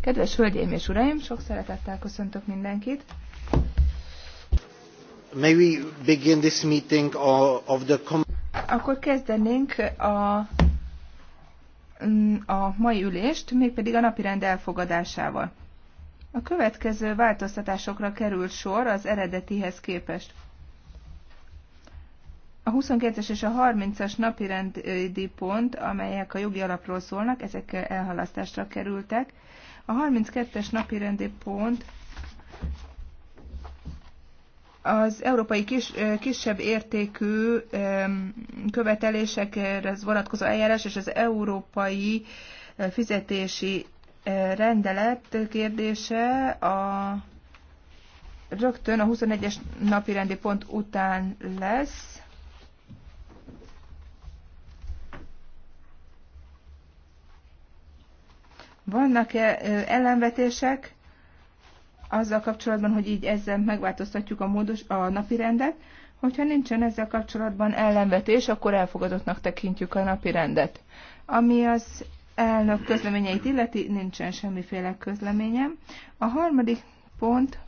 Kedves hölgyeim és uraim, sok szeretettel köszöntök mindenkit. Akkor kezdenénk a, a mai ülést, mégpedig a napirend elfogadásával. A következő változtatásokra került sor az eredetihez képest. A 22-es és a 30-as napirendi pont, amelyek a jogi alapról szólnak, ezek elhalasztásra kerültek. A 32-es napirendi pont az európai kis, kisebb értékű követelésekre vonatkozó eljárás és az európai fizetési rendelet kérdése a rögtön a 21-es napirendi pont után lesz. Vannak-e ellenvetések azzal kapcsolatban, hogy így ezzel megváltoztatjuk a, módos, a napi rendet? Hogyha nincsen ezzel kapcsolatban ellenvetés, akkor elfogadottnak tekintjük a napi rendet. Ami az elnök közleményeit illeti, nincsen semmiféle közleményem. A harmadik pont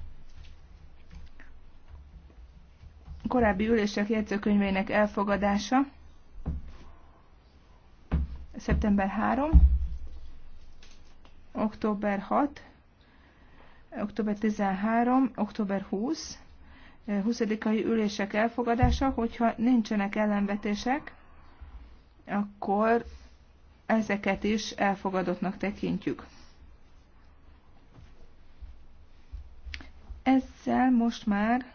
korábbi ülések jegyzőkönyveinek elfogadása. Szeptember 3 október 6, október 13, október 20, 20-ai eh, ülések elfogadása, hogyha nincsenek ellenvetések, akkor ezeket is elfogadottnak tekintjük. Ezzel most már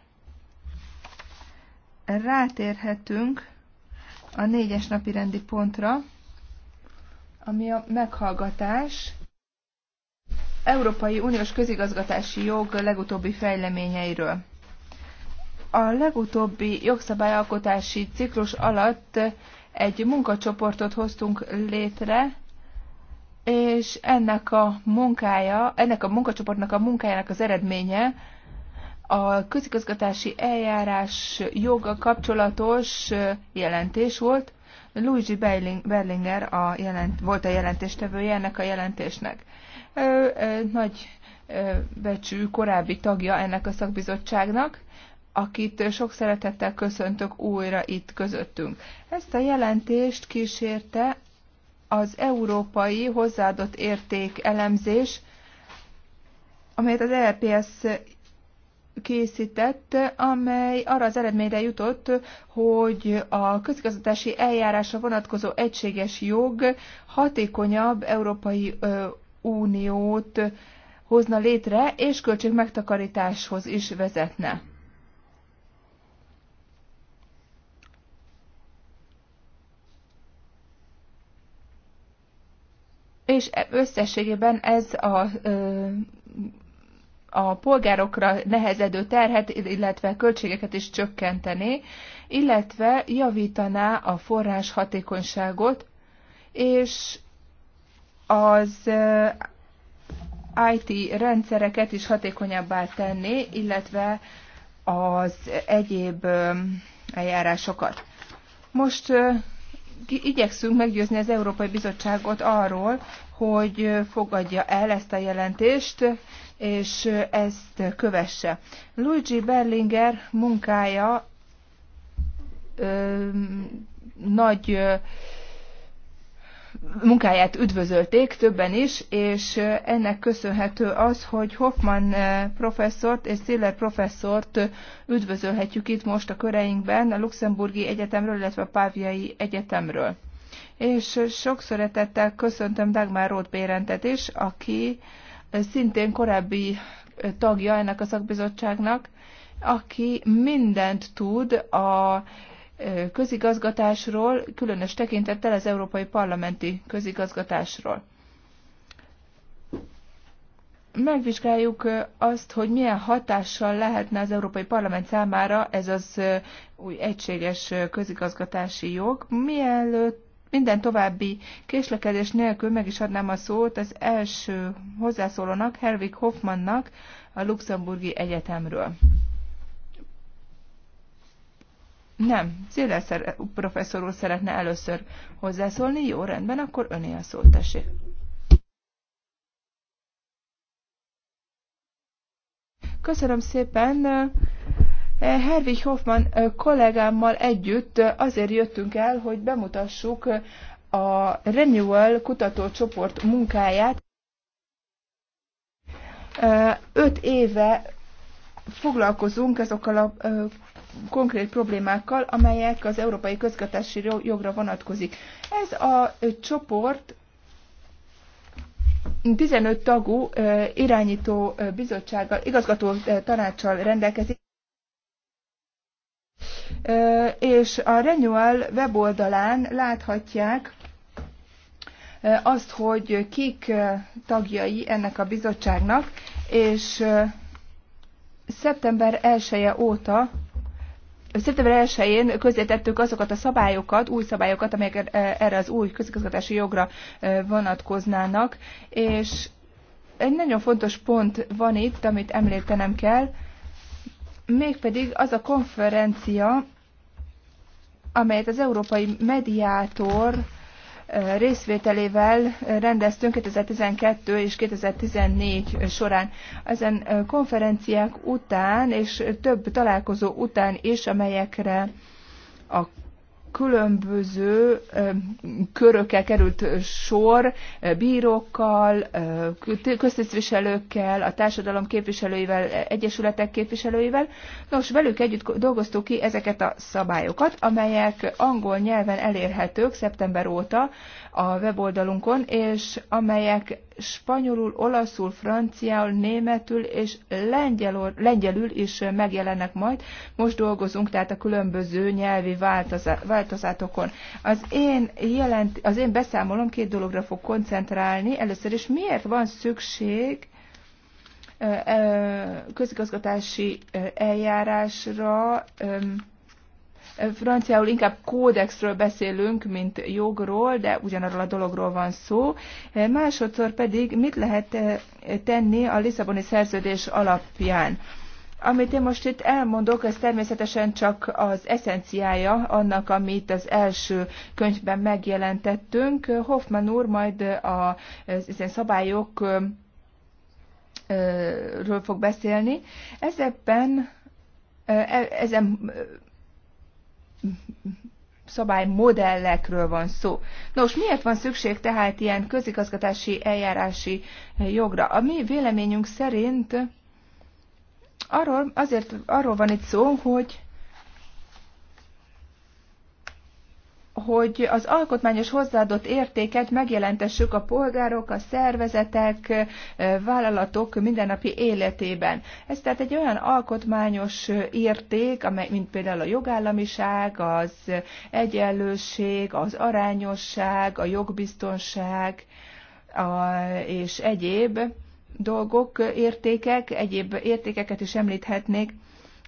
rátérhetünk a négyes napi rendi pontra, ami a meghallgatás Európai Uniós közigazgatási jog legutóbbi fejleményeiről. A legutóbbi jogszabályalkotási ciklus alatt egy munkacsoportot hoztunk létre, és ennek a munkája, ennek a munkacsoportnak a munkájának az eredménye a közigazgatási eljárás joga kapcsolatos jelentés volt. Luigi Berlinger a jelent, volt a jelentéstevője ennek a jelentésnek nagy becsű korábbi tagja ennek a szakbizottságnak, akit sok szeretettel köszöntök újra itt közöttünk. Ezt a jelentést kísérte az európai hozzáadott érték elemzés, amelyet az EPS készített, amely arra az eredményre jutott, hogy a közigazgatási eljárásra vonatkozó egységes jog hatékonyabb európai uniót hozna létre, és költségmegtakarításhoz is vezetne. És összességében ez a, a polgárokra nehezedő terhet, illetve költségeket is csökkenteni, illetve javítaná a forrás hatékonyságot, és az IT rendszereket is hatékonyabbá tenni, illetve az egyéb eljárásokat. Most igyekszünk meggyőzni az Európai Bizottságot arról, hogy fogadja el ezt a jelentést, és ezt kövesse. Luigi Berlinger munkája ö, nagy ö, munkáját üdvözölték többen is, és ennek köszönhető az, hogy Hoffman professzort és Stiller professzort üdvözölhetjük itt most a köreinkben a Luxemburgi Egyetemről, illetve a Páviai Egyetemről. És sok szeretettel köszöntöm Dagmar Roth Bérentet is, aki szintén korábbi tagja ennek a szakbizottságnak, aki mindent tud a közigazgatásról, különös tekintettel az európai parlamenti közigazgatásról. Megvizsgáljuk azt, hogy milyen hatással lehetne az Európai Parlament számára ez az új egységes közigazgatási jog. Mielőtt minden további késlekedés nélkül meg is adnám a szót az első hozzászólónak, Herwig Hoffmannnak a Luxemburgi Egyetemről. Nem, Zéleszer professzor úr szeretne először hozzászólni. Jó, rendben, akkor öné a szót, tessék. Köszönöm szépen. Eh, Herwig Hoffman eh, kollégámmal együtt eh, azért jöttünk el, hogy bemutassuk a Renewal kutatócsoport munkáját. Öt éve foglalkozunk ezokkal a konkrét problémákkal, amelyek az európai közgatási jogra vonatkozik. Ez a csoport 15 tagú irányító bizottsággal, igazgató tanácssal rendelkezik, és a Renewal weboldalán láthatják azt, hogy kik tagjai ennek a bizottságnak, és szeptember 1 -e óta Szeptember 1-én közzétettük azokat a szabályokat, új szabályokat, amelyek er, e, erre az új közigazgatási jogra e, vonatkoznának, és egy nagyon fontos pont van itt, amit említenem kell, mégpedig az a konferencia, amelyet az európai mediátor részvételével rendeztünk 2012 és 2014 során. Ezen konferenciák után és több találkozó után is, amelyekre a különböző körökkel került sor, bírókkal, köztisztviselőkkel, a társadalom képviselőivel, egyesületek képviselőivel. Nos, velük együtt dolgoztuk ki ezeket a szabályokat, amelyek angol nyelven elérhetők szeptember óta, a weboldalunkon, és amelyek spanyolul, olaszul, franciául, németül és lengyelül is megjelennek majd. Most dolgozunk tehát a különböző nyelvi változatokon. Az én, jelent, az én beszámolom két dologra fog koncentrálni. Először is miért van szükség közigazgatási eljárásra, franciául inkább kódexről beszélünk, mint jogról, de ugyanarról a dologról van szó. Másodszor pedig mit lehet eh, tenni a Lisszaboni szerződés alapján? Amit én most itt elmondok, ez természetesen csak az eszenciája annak, amit az első könyvben megjelentettünk. Hoffman úr majd a ezen szabályok eh, eh, fog beszélni. Ezekben e, ezen szabálymodellekről van szó. Nos, miért van szükség tehát ilyen közigazgatási eljárási jogra? A mi véleményünk szerint arról, azért arról van itt szó, hogy hogy az alkotmányos hozzáadott értéket megjelentessük a polgárok, a szervezetek, vállalatok mindennapi életében. Ez tehát egy olyan alkotmányos érték, amely, mint például a jogállamiság, az egyenlőség, az arányosság, a jogbiztonság a, és egyéb dolgok, értékek, egyéb értékeket is említhetnék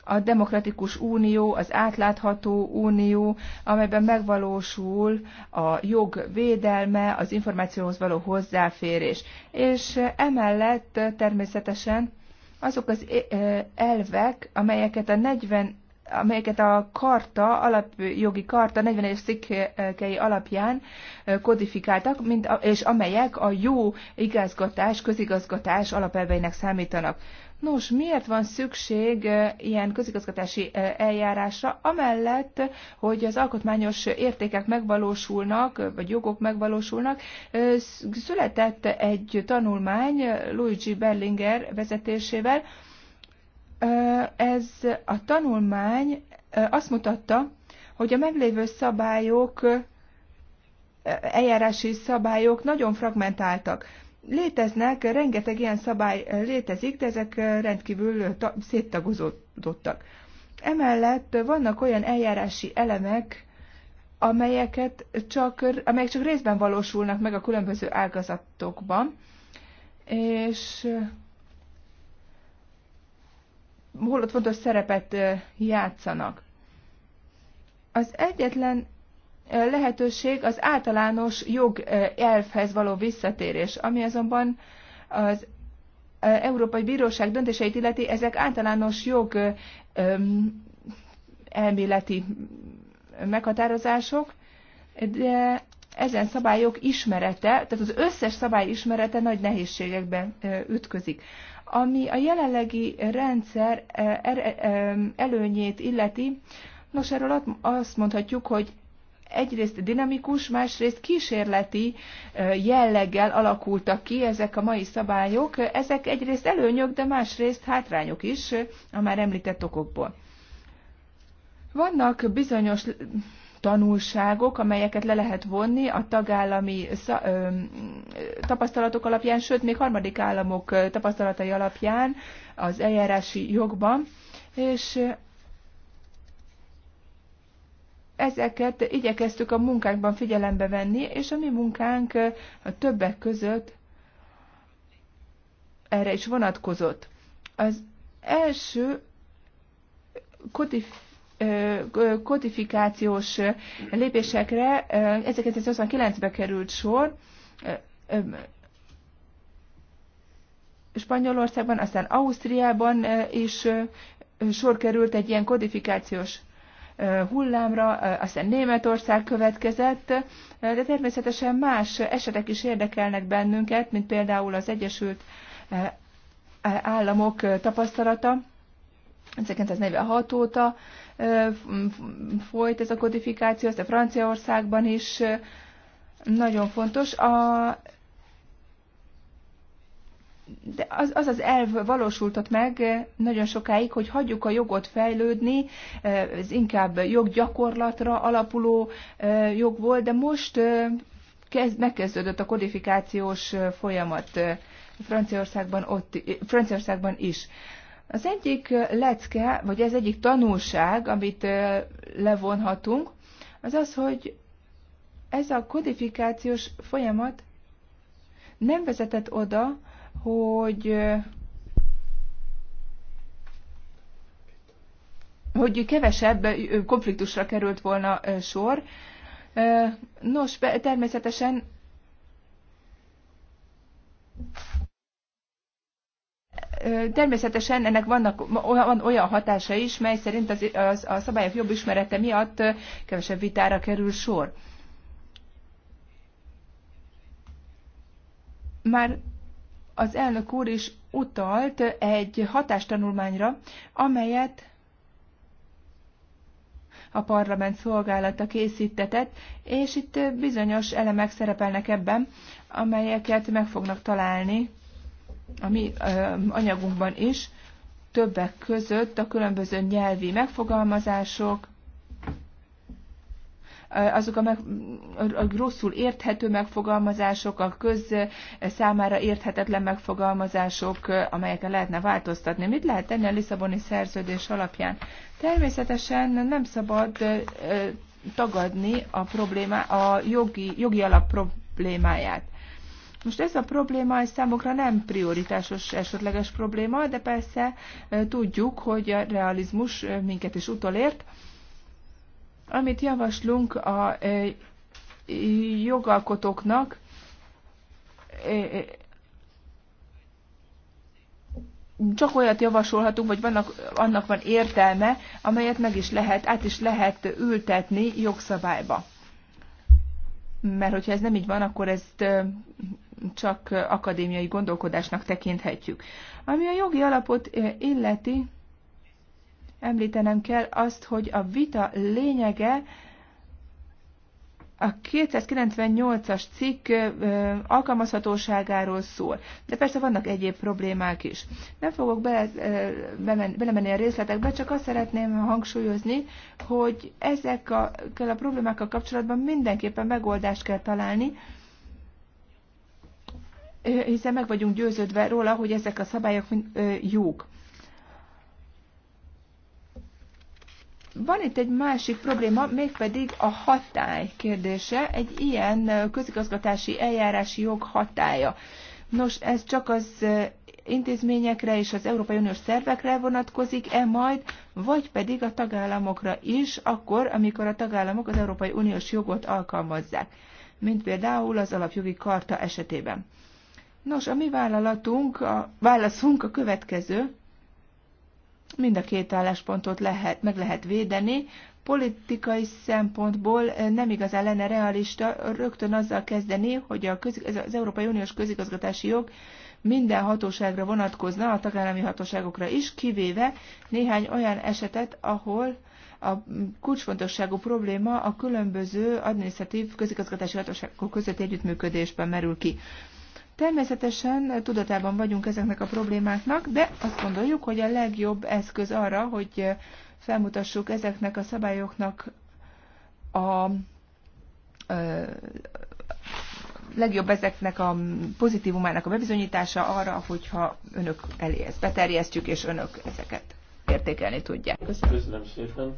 a demokratikus unió, az átlátható unió, amelyben megvalósul a jog védelme, az információhoz való hozzáférés. És emellett természetesen azok az eh, eh, elvek, amelyeket a 40 amelyeket a karta, alapjogi karta 41-es szikkei alapján kodifikáltak, mint a, és amelyek a jó igazgatás, közigazgatás alapelveinek számítanak. Nos, miért van szükség ilyen közigazgatási eljárásra, amellett, hogy az alkotmányos értékek megvalósulnak, vagy jogok megvalósulnak? Született egy tanulmány Luigi Berlinger vezetésével, ez a tanulmány azt mutatta, hogy a meglévő szabályok, eljárási szabályok nagyon fragmentáltak. Léteznek, rengeteg ilyen szabály létezik, de ezek rendkívül széttagozódottak. Emellett vannak olyan eljárási elemek, amelyeket csak, amelyek csak részben valósulnak meg a különböző ágazatokban, és ott fontos szerepet játszanak. Az egyetlen lehetőség az általános jog elfhez való visszatérés, ami azonban az Európai Bíróság döntéseit illeti, ezek általános jog elméleti meghatározások, de ezen szabályok ismerete, tehát az összes szabály ismerete nagy nehézségekben ütközik. Ami a jelenlegi rendszer e, e, e, előnyét illeti, nos, erről azt mondhatjuk, hogy egyrészt dinamikus, másrészt kísérleti jelleggel alakultak ki ezek a mai szabályok. Ezek egyrészt előnyök, de másrészt hátrányok is a már említett okokból. Vannak bizonyos tanulságok, amelyeket le lehet vonni a tagállami tapasztalatok alapján, sőt, még harmadik államok tapasztalatai alapján az eljárási jogban, és ezeket igyekeztük a munkánkban figyelembe venni, és a mi munkánk a többek között erre is vonatkozott. Az első kodif kodifikációs lépésekre 1989-ben került sor, Spanyolországban, aztán Ausztriában is sor került egy ilyen kodifikációs hullámra, aztán Németország következett, de természetesen más esetek is érdekelnek bennünket, mint például az Egyesült Államok tapasztalata, 1946 óta, folyt ez a kodifikáció, ezt a Franciaországban is nagyon fontos. A, de az, az az elv valósultat meg nagyon sokáig, hogy hagyjuk a jogot fejlődni, ez inkább joggyakorlatra alapuló jog volt, de most kezd, megkezdődött a kodifikációs folyamat Franciaországban, ott, Franciaországban is. Az egyik lecke, vagy ez egyik tanulság, amit levonhatunk, az az, hogy ez a kodifikációs folyamat nem vezetett oda, hogy hogy kevesebb konfliktusra került volna sor. Nos, természetesen Természetesen ennek vannak van olyan hatása is, mely szerint az, az, a szabályok jobb ismerete miatt kevesebb vitára kerül sor. Már az elnök úr is utalt egy hatástanulmányra, amelyet a parlament szolgálata készítetett, és itt bizonyos elemek szerepelnek ebben, amelyeket meg fognak találni a mi anyagunkban is, többek között a különböző nyelvi megfogalmazások, azok a, meg, a rosszul érthető megfogalmazások, a köz számára érthetetlen megfogalmazások, amelyeket lehetne változtatni. Mit lehet tenni a Lisszaboni szerződés alapján? Természetesen nem szabad tagadni a, problémá, a jogi, jogi alap problémáját. Most ez a probléma, ez számunkra nem prioritásos, esetleges probléma, de persze tudjuk, hogy a realizmus minket is utolért. Amit javaslunk a jogalkotóknak, csak olyat javasolhatunk, vagy vannak, annak van értelme, amelyet meg is lehet, át is lehet ültetni jogszabályba. Mert hogyha ez nem így van, akkor ezt csak akadémiai gondolkodásnak tekinthetjük. Ami a jogi alapot eh, illeti, említenem kell azt, hogy a vita lényege a 298-as cikk eh, alkalmazhatóságáról szól, de persze vannak egyéb problémák is. Nem fogok bele, eh, belemenni a részletekbe, csak azt szeretném hangsúlyozni, hogy ezekkel a problémákkal kapcsolatban mindenképpen megoldást kell találni, hiszen meg vagyunk győződve róla, hogy ezek a szabályok jók. Van itt egy másik probléma, mégpedig a hatály kérdése, egy ilyen közigazgatási eljárási jog hatája. Nos, ez csak az intézményekre és az Európai Uniós szervekre vonatkozik-e majd, vagy pedig a tagállamokra is, akkor, amikor a tagállamok az Európai Uniós jogot alkalmazzák, mint például az alapjogi karta esetében. Nos, a mi vállalatunk, a válaszunk a következő. Mind a két álláspontot lehet, meg lehet védeni. Politikai szempontból eh, nem igazán lenne realista rögtön azzal kezdeni, hogy a köz, ez az Európai Uniós közigazgatási jog minden hatóságra vonatkozna, a tagállami hatóságokra is, kivéve néhány olyan esetet, ahol a kulcsfontosságú probléma a különböző adminisztratív közigazgatási hatóságok között együttműködésben merül ki. Természetesen tudatában vagyunk ezeknek a problémáknak, de azt gondoljuk, hogy a legjobb eszköz arra, hogy felmutassuk ezeknek a szabályoknak a legjobb ezeknek a pozitívumának a bebizonyítása arra, hogyha önök elé ezt beterjesztjük, és önök ezeket értékelni tudják. Köszönöm, köszönöm szépen.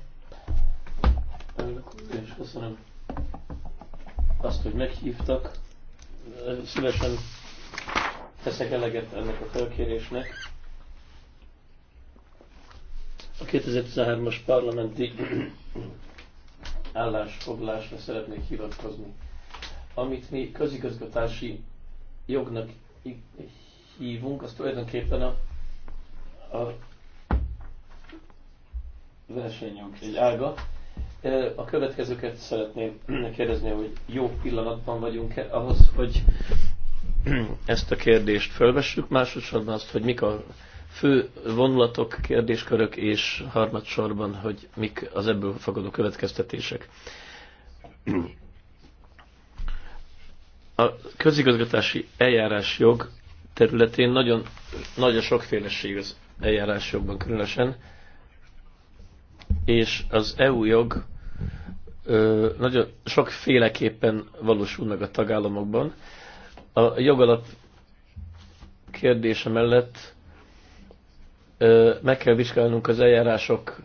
És köszönöm azt, hogy meghívtak. Szívesen teszek eleget ennek a felkérésnek. A 2013-as parlamenti állásfoglalásra szeretnék hivatkozni, amit mi közigazgatási jognak hívunk, az tulajdonképpen a, a versenyjog egy ága. A következőket szeretném kérdezni, hogy jó pillanatban vagyunk-e ahhoz, hogy ezt a kérdést fölvessük, másodszorban azt, hogy mik a fő vonulatok, kérdéskörök, és harmadsorban, hogy mik az ebből fogadó következtetések. A közigazgatási eljárásjog területén nagyon nagy a sokféleség az eljárásjogban különösen, és az EU jog nagyon sokféleképpen valósul meg a tagállamokban, a jogalap kérdése mellett meg kell vizsgálnunk az eljárások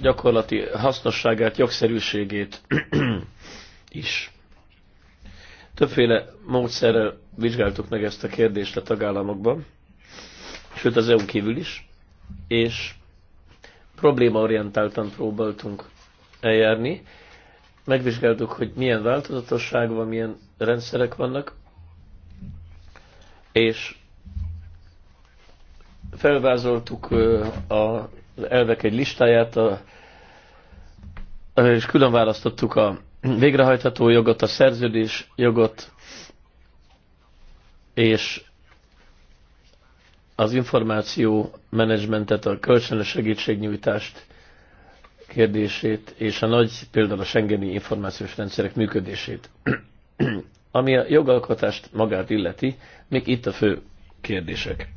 gyakorlati hasznosságát, jogszerűségét is. Többféle módszerrel vizsgáltuk meg ezt a kérdést a tagállamokban, sőt az EU kívül is, és problémaorientáltan próbáltunk eljárni megvizsgáltuk, hogy milyen változatosság van, milyen rendszerek vannak, és felvázoltuk az elvek egy listáját, és külön választottuk a végrehajtható jogot, a szerződés jogot, és az információ menedzsmentet, a kölcsönös segítségnyújtást kérdését és a nagy, például a Schengeni információs rendszerek működését. Ami a jogalkotást magát illeti, még itt a fő kérdések.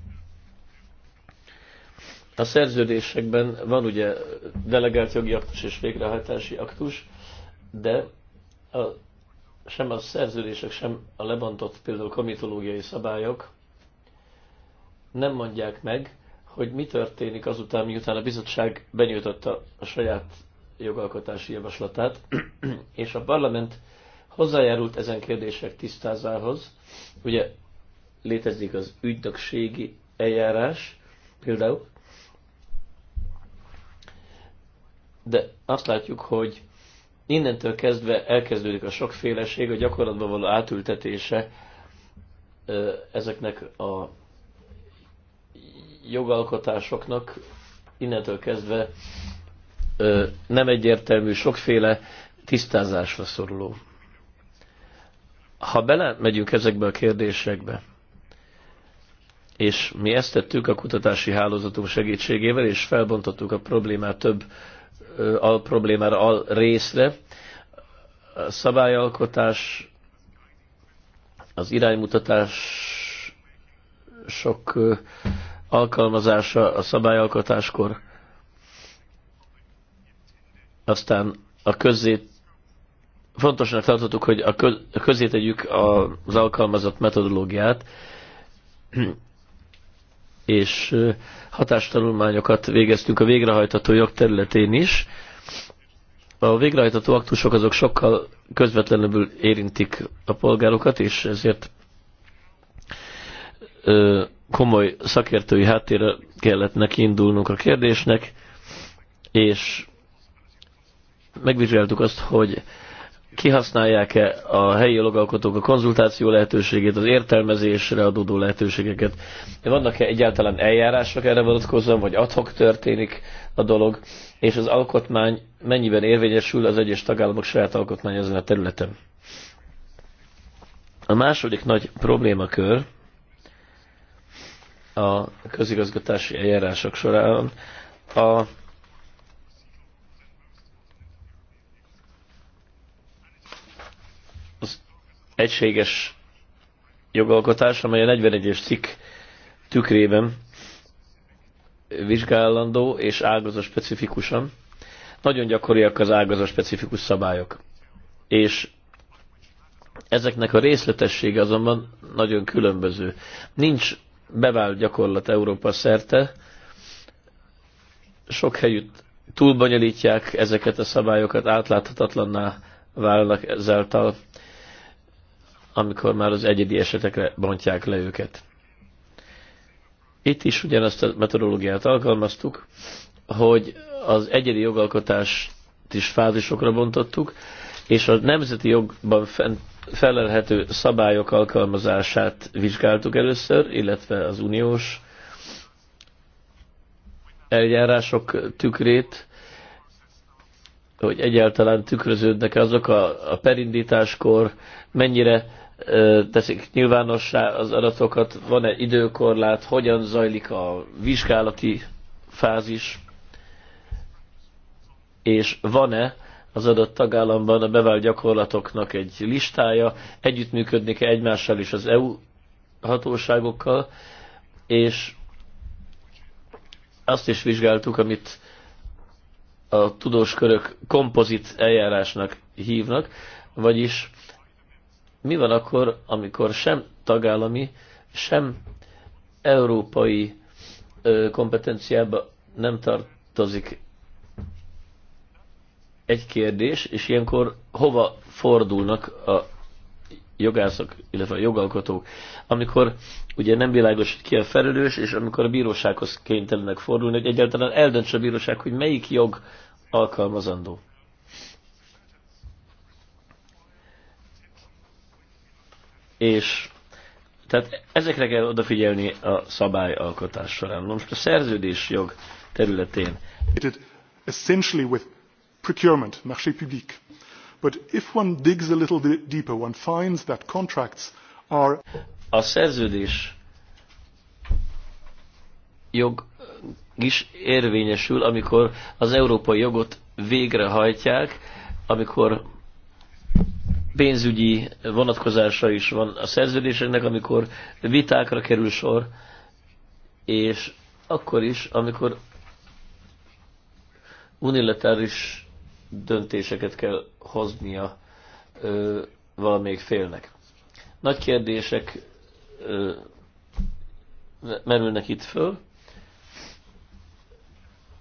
A szerződésekben van ugye delegált jogi aktus és végrehajtási aktus, de a, sem a szerződések, sem a lebontott például komitológiai szabályok nem mondják meg, hogy mi történik azután, miután a bizottság benyújtotta a saját jogalkotási javaslatát, és a parlament hozzájárult ezen kérdések tisztázához. Ugye létezik az ügynökségi eljárás például, de azt látjuk, hogy innentől kezdve elkezdődik a sokféleség, a gyakorlatban való átültetése ezeknek a jogalkotásoknak innentől kezdve nem egyértelmű, sokféle tisztázásra szoruló. Ha belemegyünk ezekbe a kérdésekbe, és mi ezt tettük a kutatási hálózatunk segítségével, és felbontottuk a problémát több al problémára, al részre, a szabályalkotás, az iránymutatás sok alkalmazása a szabályalkotáskor, aztán a közzét fontosnak tartottuk, hogy a közé tegyük az alkalmazott metodológiát, és hatástanulmányokat végeztünk a végrehajtató jog területén is. A végrehajtató aktusok azok sokkal közvetlenül érintik a polgárokat, és ezért komoly szakértői háttérre kellett neki indulnunk a kérdésnek, és megvizsgáltuk azt, hogy kihasználják-e a helyi jogalkotók a konzultáció lehetőségét, az értelmezésre adódó lehetőségeket. Vannak-e egyáltalán eljárások erre vonatkozóan, vagy adhok történik a dolog, és az alkotmány mennyiben érvényesül az egyes tagállamok saját alkotmány ezen a területen. A második nagy problémakör, a közigazgatási eljárások során a az egységes jogalkotás, amely a 41-es cikk tükrében vizsgálandó és ágazat specifikusan. Nagyon gyakoriak az ágazat specifikus szabályok. És ezeknek a részletessége azonban nagyon különböző. Nincs bevált gyakorlat Európa szerte. Sok helyütt túlbonyolítják ezeket a szabályokat, átláthatatlanná válnak ezáltal, amikor már az egyedi esetekre bontják le őket. Itt is ugyanazt a metodológiát alkalmaztuk, hogy az egyedi jogalkotást is fázisokra bontottuk, és a nemzeti jogban fent felelhető szabályok alkalmazását vizsgáltuk először, illetve az uniós eljárások tükrét, hogy egyáltalán tükröződnek azok a, a perindításkor, mennyire ö, teszik nyilvánossá az adatokat, van-e időkorlát, hogyan zajlik a vizsgálati fázis, és van-e az adott tagállamban a bevált gyakorlatoknak egy listája, együttműködni kell egymással és az EU hatóságokkal, és azt is vizsgáltuk, amit a tudós körök kompozit eljárásnak hívnak, vagyis mi van akkor, amikor sem tagállami, sem európai kompetenciába nem tartozik egy kérdés, és ilyenkor hova fordulnak a jogászok, illetve a jogalkotók, amikor ugye nem világos, hogy ki a felelős, és amikor a bírósághoz kénytelenek fordulni, hogy egyáltalán eldöntse a bíróság, hogy melyik jog alkalmazandó. És tehát ezekre kell odafigyelni a szabályalkotás során. Most a szerződés jog területén. Essentially with procurement, marché public. But if one digs a little deeper, one finds that contracts are... A szerződés jog is érvényesül, amikor az európai jogot végrehajtják, amikor pénzügyi vonatkozása is van a szerződéseknek, amikor vitákra kerül sor, és akkor is, amikor unilaterális döntéseket kell hoznia ö, valamelyik félnek. Nagy kérdések ö, merülnek itt föl,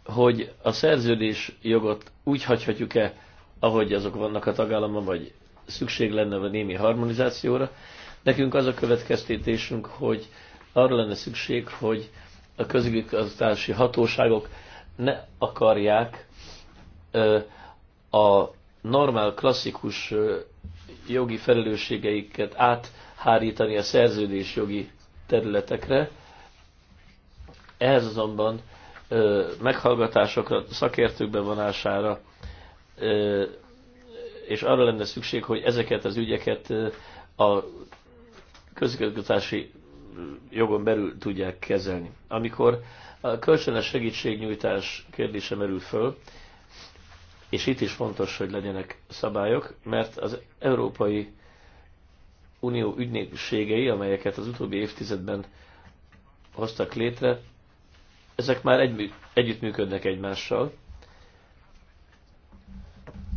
hogy a szerződés jogot úgy hagyhatjuk-e, ahogy azok vannak a tagállamban, vagy szükség lenne a némi harmonizációra. Nekünk az a következtetésünk, hogy arra lenne szükség, hogy a közigazgatási hatóságok ne akarják ö, a normál, klasszikus jogi felelősségeiket áthárítani a szerződés jogi területekre. Ehhez azonban meghallgatásokra, szakértők bevonására, és arra lenne szükség, hogy ezeket az ügyeket a közigazgatási jogon belül tudják kezelni. Amikor a kölcsönös segítségnyújtás kérdése merül föl, és itt is fontos, hogy legyenek szabályok, mert az Európai Unió ügynökségei, amelyeket az utóbbi évtizedben hoztak létre, ezek már egy, együttműködnek egymással,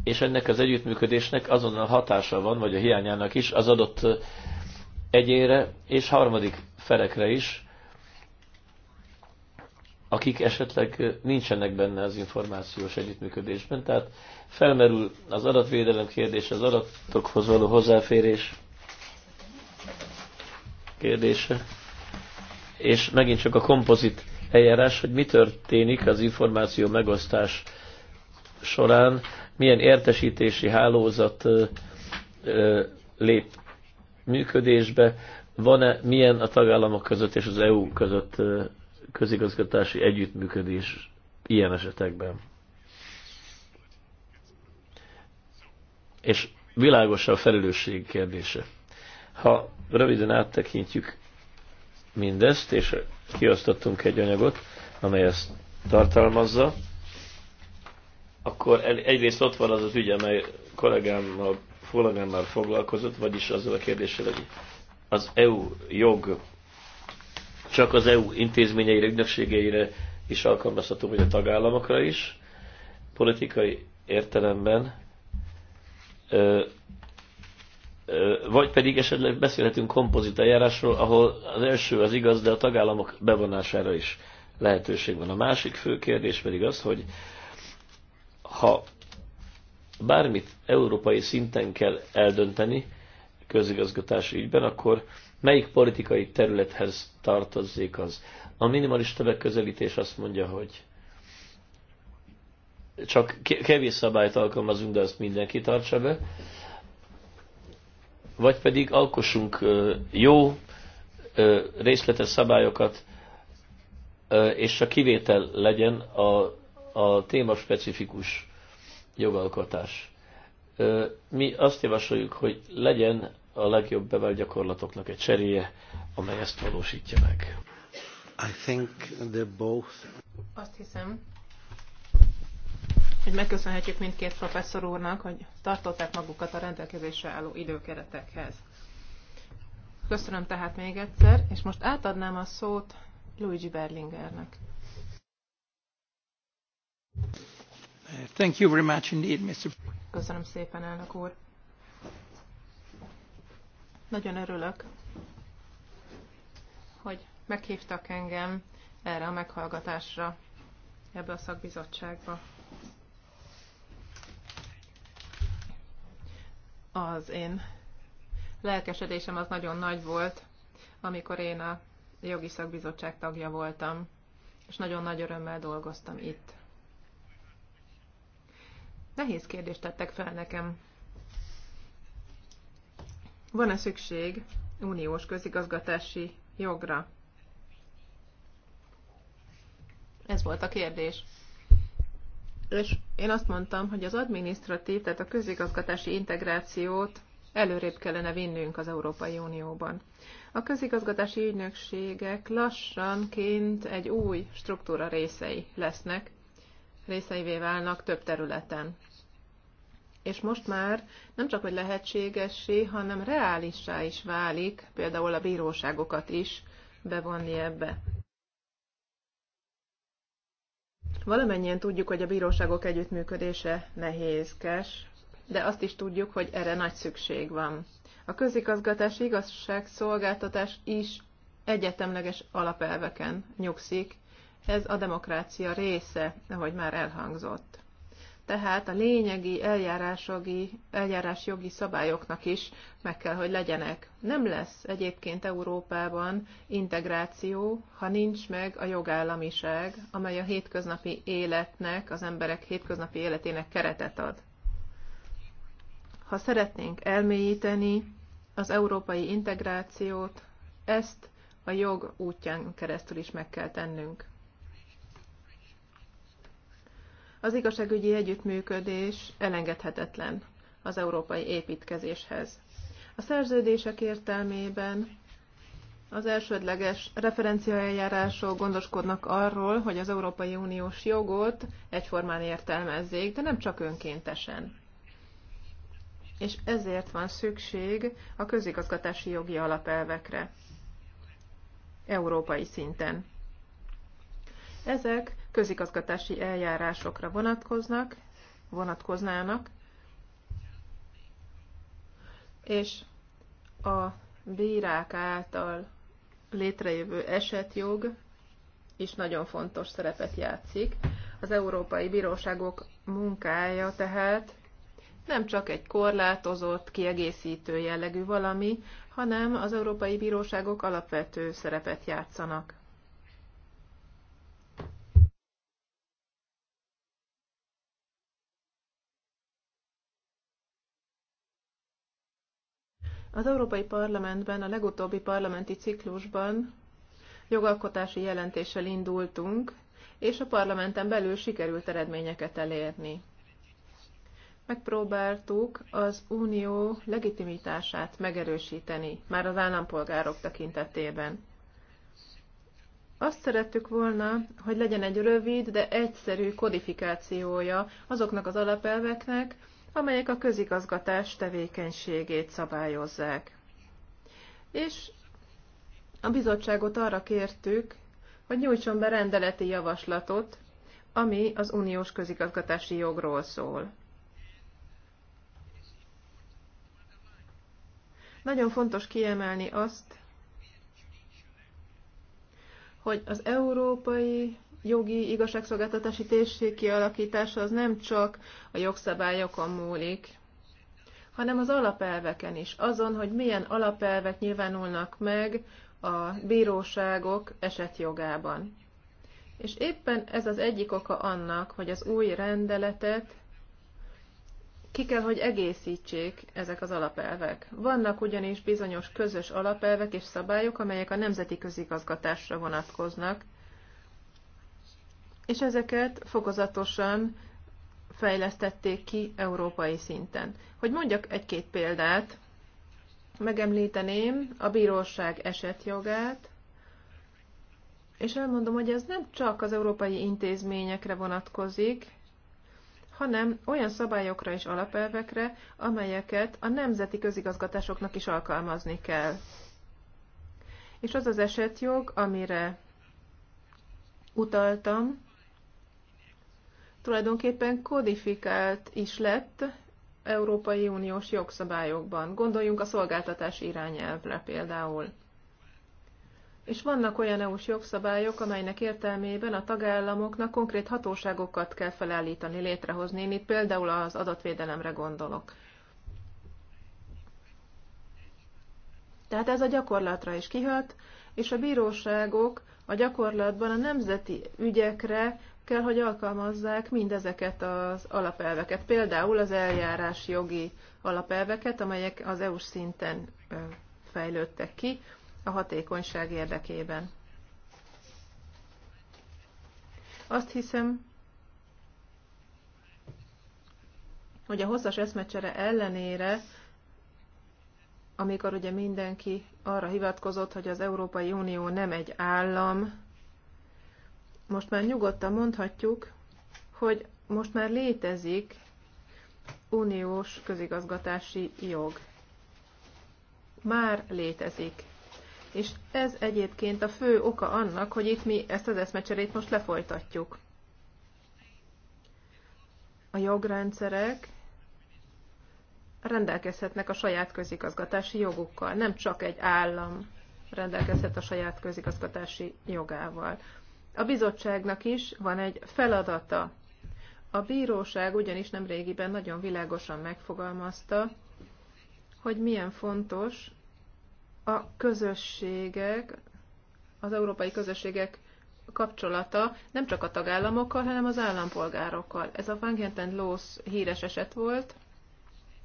és ennek az együttműködésnek azonnal hatása van, vagy a hiányának is az adott egyére és harmadik felekre is, akik esetleg nincsenek benne az információs együttműködésben. Tehát felmerül az adatvédelem kérdése, az adatokhoz való hozzáférés kérdése, és megint csak a kompozit eljárás, hogy mi történik az információ megosztás során, milyen értesítési hálózat lép működésbe, van-e, milyen a tagállamok között és az EU között közigazgatási együttműködés ilyen esetekben. És világos a felelősség kérdése. Ha röviden áttekintjük mindezt, és kiosztottunk egy anyagot, amely ezt tartalmazza, akkor egyrészt ott van az az ügy, amely kollégámmal, kollégámmal foglalkozott, vagyis azzal a kérdéssel, hogy az EU jog csak az EU intézményeire, ügynökségeire is alkalmazható, vagy a tagállamokra is. Politikai értelemben ö, ö, vagy pedig esetleg beszélhetünk kompozit eljárásról, ahol az első az igaz, de a tagállamok bevonására is lehetőség van. A másik fő kérdés pedig az, hogy ha bármit európai szinten kell eldönteni közigazgatási ügyben, akkor melyik politikai területhez tartozzék az. A minimalista megközelítés azt mondja, hogy csak kevés szabályt alkalmazunk, de azt mindenki tartsa be. Vagy pedig alkossunk jó, részletes szabályokat, és a kivétel legyen a, a téma specifikus jogalkotás. Mi azt javasoljuk, hogy legyen a legjobb bevált gyakorlatoknak egy cseréje, amely ezt valósítja meg. I think both. Azt hiszem, hogy megköszönhetjük mindkét professzor úrnak, hogy tartották magukat a rendelkezésre álló időkeretekhez. Köszönöm tehát még egyszer, és most átadnám a szót Luigi Berlingernek. Thank you very much indeed, Mr. Köszönöm szépen, elnök úr. Nagyon örülök, hogy meghívtak engem erre a meghallgatásra ebbe a szakbizottságba. Az én lelkesedésem az nagyon nagy volt, amikor én a jogi szakbizottság tagja voltam, és nagyon nagy örömmel dolgoztam itt. Nehéz kérdést tettek fel nekem van-e szükség uniós közigazgatási jogra? Ez volt a kérdés. És én azt mondtam, hogy az adminisztratív, tehát a közigazgatási integrációt előrébb kellene vinnünk az Európai Unióban. A közigazgatási ügynökségek lassanként egy új struktúra részei lesznek, részeivé válnak több területen és most már nem csak hogy lehetségessé, hanem reálissá is válik, például a bíróságokat is bevonni ebbe. Valamennyien tudjuk, hogy a bíróságok együttműködése nehézkes, de azt is tudjuk, hogy erre nagy szükség van. A közigazgatási igazságszolgáltatás is egyetemleges alapelveken nyugszik. Ez a demokrácia része, ahogy már elhangzott tehát a lényegi eljárásjogi, eljárásjogi szabályoknak is meg kell, hogy legyenek. Nem lesz egyébként Európában integráció, ha nincs meg a jogállamiság, amely a hétköznapi életnek, az emberek hétköznapi életének keretet ad. Ha szeretnénk elmélyíteni az európai integrációt, ezt a jog útján keresztül is meg kell tennünk. Az igazságügyi együttműködés elengedhetetlen az európai építkezéshez. A szerződések értelmében az elsődleges referenciaeljárások gondoskodnak arról, hogy az Európai Uniós jogot egyformán értelmezzék, de nem csak önkéntesen. És ezért van szükség a közigazgatási jogi alapelvekre, európai szinten. Ezek közigazgatási eljárásokra vonatkoznak, vonatkoznának, és a bírák által létrejövő esetjog is nagyon fontos szerepet játszik. Az európai bíróságok munkája tehát nem csak egy korlátozott, kiegészítő jellegű valami, hanem az európai bíróságok alapvető szerepet játszanak. Az Európai Parlamentben a legutóbbi parlamenti ciklusban jogalkotási jelentéssel indultunk, és a parlamenten belül sikerült eredményeket elérni. Megpróbáltuk az unió legitimitását megerősíteni, már az állampolgárok tekintetében. Azt szerettük volna, hogy legyen egy rövid, de egyszerű kodifikációja azoknak az alapelveknek, amelyek a közigazgatás tevékenységét szabályozzák. És a bizottságot arra kértük, hogy nyújtson be rendeleti javaslatot, ami az uniós közigazgatási jogról szól. Nagyon fontos kiemelni azt, hogy az európai jogi igazságszolgáltatási térség kialakítása az nem csak a jogszabályokon múlik, hanem az alapelveken is, azon, hogy milyen alapelvek nyilvánulnak meg a bíróságok esetjogában. És éppen ez az egyik oka annak, hogy az új rendeletet ki kell, hogy egészítsék ezek az alapelvek. Vannak ugyanis bizonyos közös alapelvek és szabályok, amelyek a nemzeti közigazgatásra vonatkoznak, és ezeket fokozatosan fejlesztették ki európai szinten. Hogy mondjak egy-két példát, megemlíteném a bíróság esetjogát, és elmondom, hogy ez nem csak az európai intézményekre vonatkozik, hanem olyan szabályokra és alapelvekre, amelyeket a nemzeti közigazgatásoknak is alkalmazni kell. És az az esetjog, amire utaltam, tulajdonképpen kodifikált is lett Európai Uniós jogszabályokban. Gondoljunk a szolgáltatás irányelvre például. És vannak olyan EU-s jogszabályok, amelynek értelmében a tagállamoknak konkrét hatóságokat kell felállítani, létrehozni. Én itt például az adatvédelemre gondolok. Tehát ez a gyakorlatra is kihat, és a bíróságok a gyakorlatban a nemzeti ügyekre kell, hogy alkalmazzák mindezeket az alapelveket, például az eljárás jogi alapelveket, amelyek az EU-s szinten fejlődtek ki a hatékonyság érdekében. Azt hiszem, hogy a hosszas eszmecsere ellenére, amikor ugye mindenki arra hivatkozott, hogy az Európai Unió nem egy állam, most már nyugodtan mondhatjuk, hogy most már létezik uniós közigazgatási jog. Már létezik. És ez egyébként a fő oka annak, hogy itt mi ezt az eszmecserét most lefolytatjuk. A jogrendszerek rendelkezhetnek a saját közigazgatási jogukkal. Nem csak egy állam rendelkezhet a saját közigazgatási jogával. A bizottságnak is van egy feladata. A bíróság ugyanis nem régiben nagyon világosan megfogalmazta, hogy milyen fontos a közösségek, az európai közösségek kapcsolata nem csak a tagállamokkal, hanem az állampolgárokkal. Ez a Fangenten Lósz híres eset volt,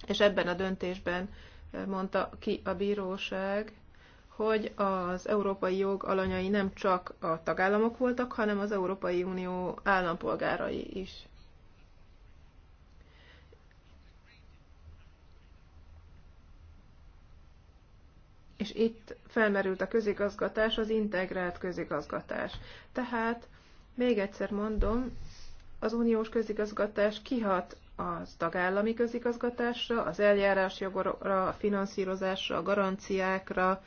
és ebben a döntésben eh, mondta ki a bíróság, hogy az európai jog alanyai nem csak a tagállamok voltak, hanem az Európai Unió állampolgárai is. És itt felmerült a közigazgatás, az integrált közigazgatás. Tehát, még egyszer mondom, az uniós közigazgatás kihat az tagállami közigazgatásra, az eljárásjogra, a finanszírozásra, a garanciákra,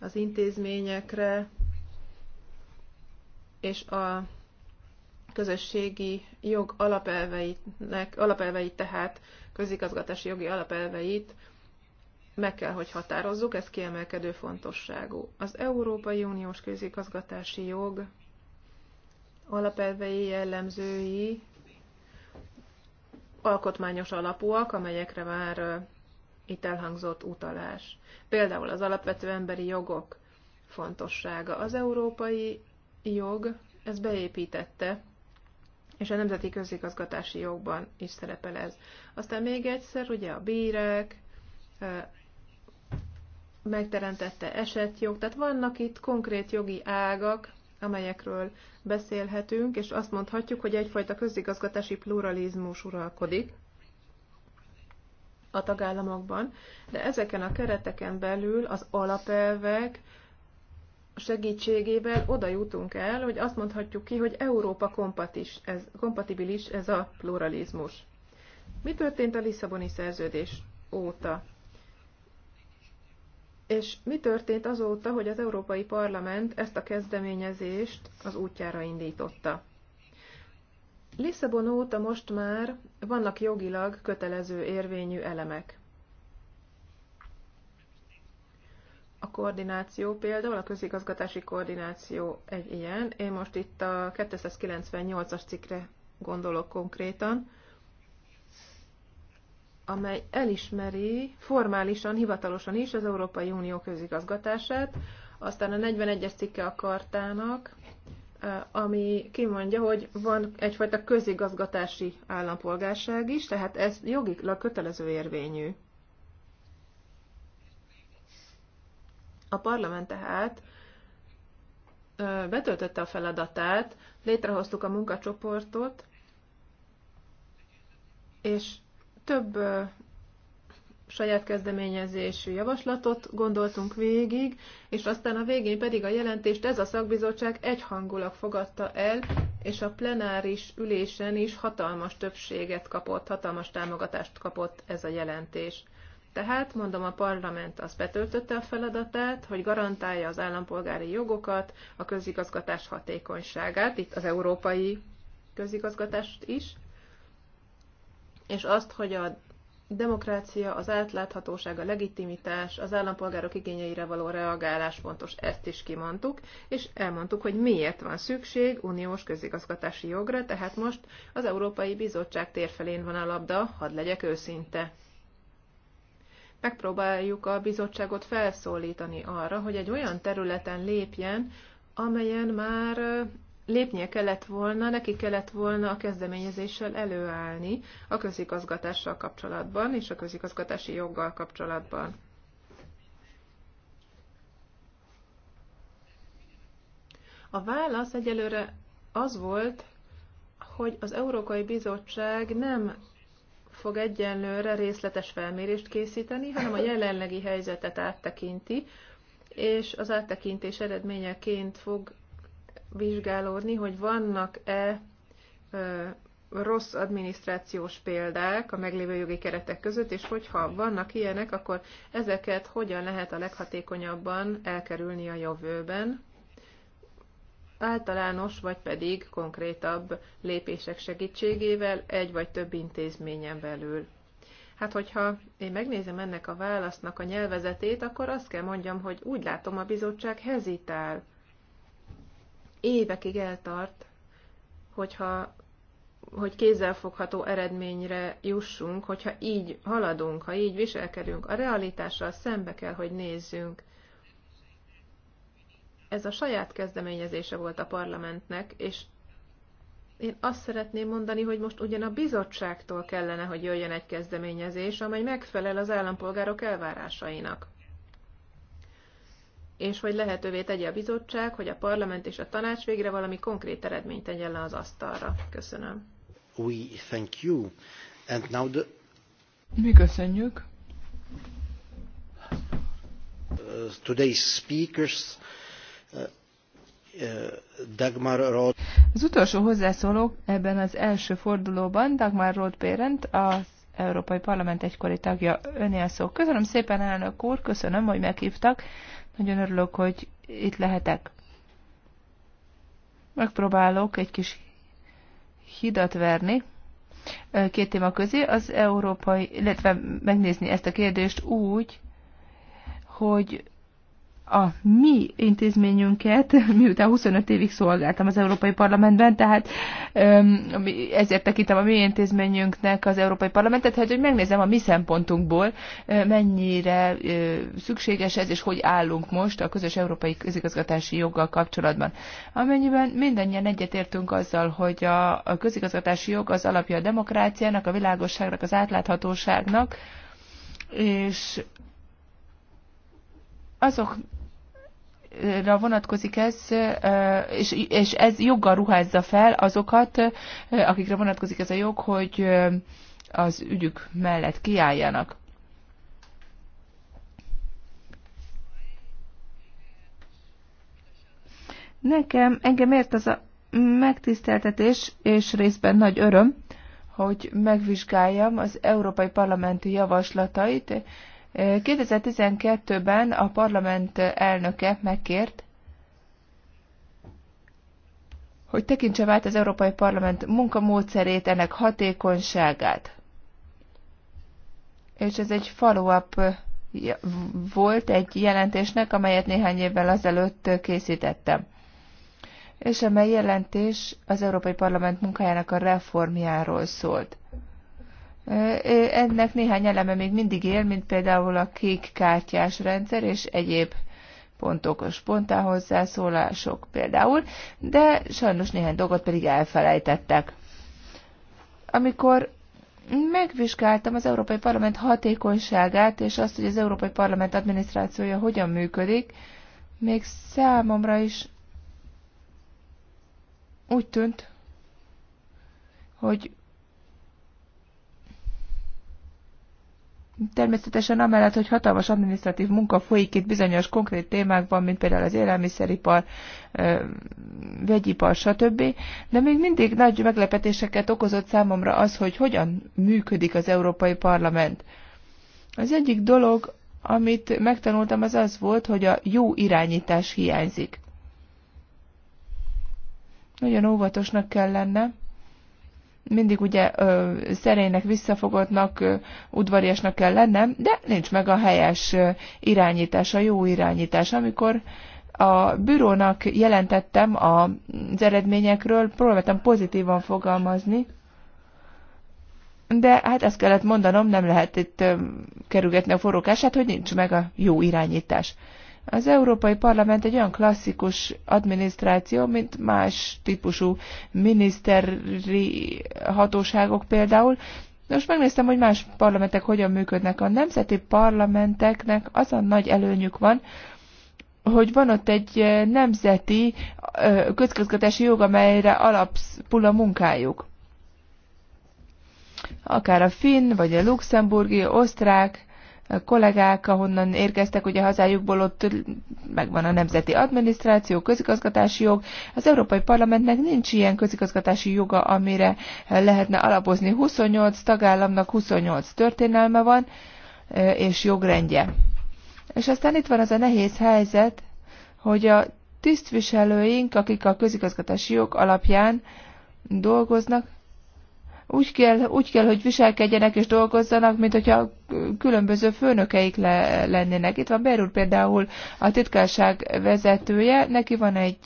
az intézményekre és a közösségi jog alapelveinek, alapelveit tehát, közigazgatási jogi alapelveit meg kell, hogy határozzuk, ez kiemelkedő fontosságú. Az Európai Uniós közigazgatási jog alapelvei jellemzői alkotmányos alapúak, amelyekre már itt elhangzott utalás. Például az alapvető emberi jogok fontossága. Az európai jog ezt beépítette, és a nemzeti közigazgatási jogban is szerepel ez. Aztán még egyszer, ugye a bírák, megteremtette esetjog, tehát vannak itt konkrét jogi ágak, amelyekről beszélhetünk, és azt mondhatjuk, hogy egyfajta közigazgatási pluralizmus uralkodik, a tagállamokban, de ezeken a kereteken belül az alapelvek segítségével oda jutunk el, hogy azt mondhatjuk ki, hogy Európa kompatis, ez, kompatibilis ez a pluralizmus. Mi történt a Lisszaboni szerződés óta? És mi történt azóta, hogy az Európai Parlament ezt a kezdeményezést az útjára indította? Lisszabon óta most már vannak jogilag kötelező érvényű elemek. A koordináció például, a közigazgatási koordináció egy ilyen. Én most itt a 298-as cikkre gondolok konkrétan, amely elismeri formálisan, hivatalosan is az Európai Unió közigazgatását, aztán a 41-es cikke a kartának, ami kimondja, hogy van egyfajta közigazgatási állampolgárság is, tehát ez jogilag kötelező érvényű. A parlament tehát betöltötte a feladatát, létrehoztuk a munkacsoportot, és több saját kezdeményezésű javaslatot gondoltunk végig, és aztán a végén pedig a jelentést ez a szakbizottság egyhangulag fogadta el, és a plenáris ülésen is hatalmas többséget kapott, hatalmas támogatást kapott ez a jelentés. Tehát, mondom, a parlament az betöltötte a feladatát, hogy garantálja az állampolgári jogokat, a közigazgatás hatékonyságát, itt az európai közigazgatást is, és azt, hogy a demokrácia, az átláthatóság, a legitimitás, az állampolgárok igényeire való reagálás fontos, ezt is kimondtuk, és elmondtuk, hogy miért van szükség uniós közigazgatási jogra, tehát most az Európai Bizottság térfelén van a labda, hadd legyek őszinte. Megpróbáljuk a bizottságot felszólítani arra, hogy egy olyan területen lépjen, amelyen már lépnie kellett volna, neki kellett volna a kezdeményezéssel előállni a közigazgatással kapcsolatban és a közigazgatási joggal kapcsolatban. A válasz egyelőre az volt, hogy az Európai Bizottság nem fog egyenlőre részletes felmérést készíteni, hanem a jelenlegi helyzetet áttekinti, és az áttekintés eredményeként fog vizsgálódni, hogy vannak-e rossz adminisztrációs példák a meglévő jogi keretek között, és hogyha vannak ilyenek, akkor ezeket hogyan lehet a leghatékonyabban elkerülni a jövőben, általános vagy pedig konkrétabb lépések segítségével egy vagy több intézményen belül. Hát, hogyha én megnézem ennek a válasznak a nyelvezetét, akkor azt kell mondjam, hogy úgy látom, a bizottság hezitál évekig eltart, hogyha hogy kézzelfogható eredményre jussunk, hogyha így haladunk, ha így viselkedünk, a realitással szembe kell, hogy nézzünk. Ez a saját kezdeményezése volt a parlamentnek, és én azt szeretném mondani, hogy most ugyan a bizottságtól kellene, hogy jöjjön egy kezdeményezés, amely megfelel az állampolgárok elvárásainak és hogy lehetővé tegye a bizottság, hogy a parlament és a tanács végre valami konkrét eredményt tegyen le az asztalra. Köszönöm. We thank you. And now the... Mi köszönjük. Uh, today's speakers uh, uh Dagmar Roth. Az utolsó hozzászóló ebben az első fordulóban Dagmar Roth Bérent, az Európai Parlament egykori tagja önél szó. Köszönöm szépen, elnök úr, köszönöm, hogy meghívtak. Nagyon örülök, hogy itt lehetek. Megpróbálok egy kis hidat verni két téma közé, az európai, illetve megnézni ezt a kérdést úgy, hogy a mi intézményünket, miután 25 évig szolgáltam az Európai Parlamentben, tehát ezért tekintem a mi intézményünknek az Európai Parlamentet, hát, hogy megnézem a mi szempontunkból, mennyire szükséges ez, és hogy állunk most a közös európai közigazgatási joggal kapcsolatban. Amennyiben mindannyian egyetértünk azzal, hogy a közigazgatási jog az alapja a demokráciának, a világosságnak, az átláthatóságnak, és azok ra vonatkozik ez, és, ez joggal ruházza fel azokat, akikre vonatkozik ez a jog, hogy az ügyük mellett kiálljanak. Nekem, engem ért az a megtiszteltetés, és részben nagy öröm, hogy megvizsgáljam az európai parlamenti javaslatait, 2012-ben a parlament elnöke megkért, hogy tekintse át az Európai Parlament munkamódszerét, ennek hatékonyságát. És ez egy follow-up volt egy jelentésnek, amelyet néhány évvel azelőtt készítettem. És amely jelentés az Európai Parlament munkájának a reformjáról szólt. Ennek néhány eleme még mindig él, mint például a kék kártyás rendszer és egyéb pontok, a spontán hozzászólások például, de sajnos néhány dolgot pedig elfelejtettek. Amikor megvizsgáltam az Európai Parlament hatékonyságát, és azt, hogy az Európai Parlament adminisztrációja hogyan működik, még számomra is úgy tűnt, hogy Természetesen amellett, hogy hatalmas adminisztratív munka folyik itt bizonyos konkrét témákban, mint például az élelmiszeripar, vegyipar, stb. De még mindig nagy meglepetéseket okozott számomra az, hogy hogyan működik az Európai Parlament. Az egyik dolog, amit megtanultam, az az volt, hogy a jó irányítás hiányzik. Nagyon óvatosnak kell lennem mindig ugye ö, szerénynek, visszafogottnak, ö, udvariasnak kell lennem, de nincs meg a helyes irányítás, a jó irányítás. Amikor a bürónak jelentettem az eredményekről, próbáltam pozitívan fogalmazni, de hát ezt kellett mondanom, nem lehet itt kerülgetni a forrókását, hogy nincs meg a jó irányítás. Az Európai Parlament egy olyan klasszikus adminisztráció, mint más típusú miniszteri hatóságok például. Most megnéztem, hogy más parlamentek hogyan működnek. A nemzeti parlamenteknek az a nagy előnyük van, hogy van ott egy nemzeti közközgatási jog, amelyre alapszul a munkájuk. Akár a finn, vagy a luxemburgi, osztrák, kollégák, ahonnan érkeztek, ugye hazájukból ott megvan a nemzeti adminisztráció, közigazgatási jog. Az Európai Parlamentnek nincs ilyen közigazgatási joga, amire lehetne alapozni. 28 tagállamnak 28 történelme van, e, és jogrendje. És aztán itt van az a nehéz helyzet, hogy a tisztviselőink, akik a közigazgatási jog alapján dolgoznak, úgy kell, úgy kell, hogy viselkedjenek és dolgozzanak, mint hogyha különböző főnökeik le, lennének. Itt van Berúr például a titkárság vezetője, neki van egy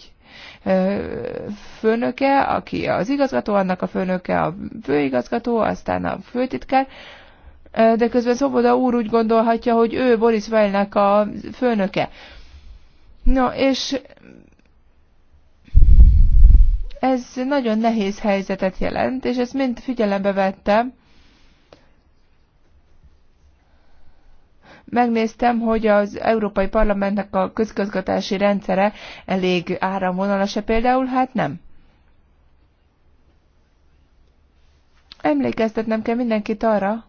főnöke, aki az igazgató, annak a főnöke a főigazgató, aztán a főtitkár, de közben Szoboda úr úgy gondolhatja, hogy ő Boris Vajnak a főnöke. Na, és ez nagyon nehéz helyzetet jelent, és ezt mind figyelembe vettem. Megnéztem, hogy az Európai Parlamentnek a közgazgatási rendszere elég áramvonalas-e például, hát nem. Emlékeztetnem kell mindenkit arra,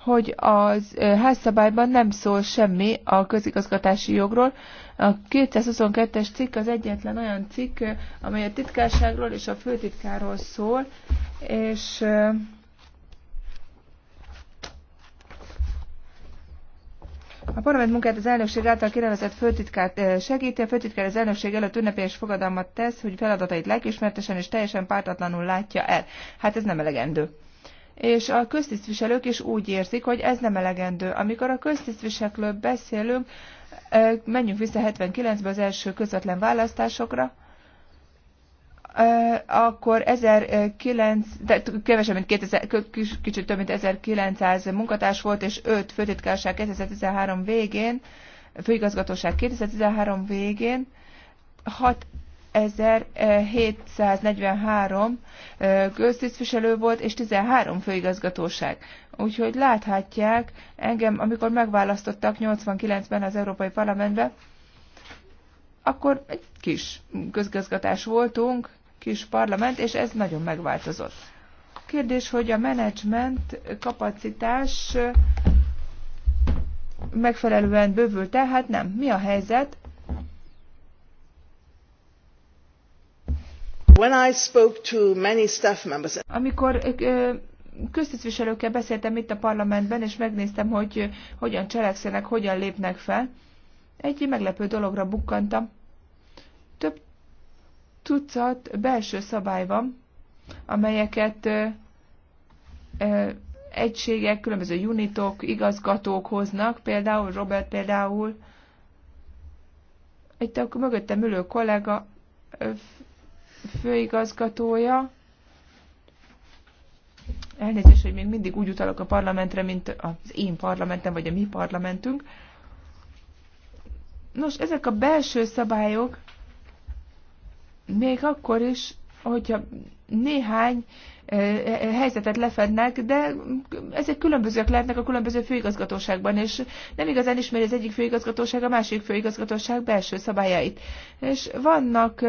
hogy az házszabályban nem szól semmi a közigazgatási jogról, a 222-es cikk az egyetlen olyan cikk, amely a titkárságról és a főtitkáról szól, és A parlament munkát az elnökség által kinevezett főtitkár segíti, a főtitkár az elnökség előtt ünnepélyes fogadalmat tesz, hogy feladatait legismertesen és teljesen pártatlanul látja el. Hát ez nem elegendő. És a köztisztviselők is úgy érzik, hogy ez nem elegendő. Amikor a köztisztviselőkről beszélünk, menjünk vissza 79-be az első közvetlen választásokra, akkor 1009, de kevesebb, mint 2000, kicsit több, mint 1900 munkatárs volt, és 5 főtitkárság 2013 végén, főigazgatóság 2013 végén, 6 1743 köztisztviselő volt, és 13 főigazgatóság. Úgyhogy láthatják, engem, amikor megválasztottak 89-ben az Európai Parlamentbe, akkor egy kis közgazgatás voltunk, kis parlament, és ez nagyon megváltozott. Kérdés, hogy a menedzsment kapacitás megfelelően bővült-e? Hát nem. Mi a helyzet? Amikor köztisztviselőkkel beszéltem itt a parlamentben, és megnéztem, hogy hogyan cselekszenek, hogyan lépnek fel, egy meglepő dologra bukkantam. Több tucat belső szabály van, amelyeket egységek, különböző unitok, igazgatók hoznak, például Robert például, egy mögöttem ülő kollega főigazgatója. Elnézést, hogy még mindig úgy utalok a parlamentre, mint az én parlamentem, vagy a mi parlamentünk. Nos, ezek a belső szabályok még akkor is, hogyha néhány helyzetet lefednek, de ezek különbözőek lehetnek a különböző főigazgatóságban, és nem igazán ismeri az egyik főigazgatóság a másik főigazgatóság belső szabályait. És vannak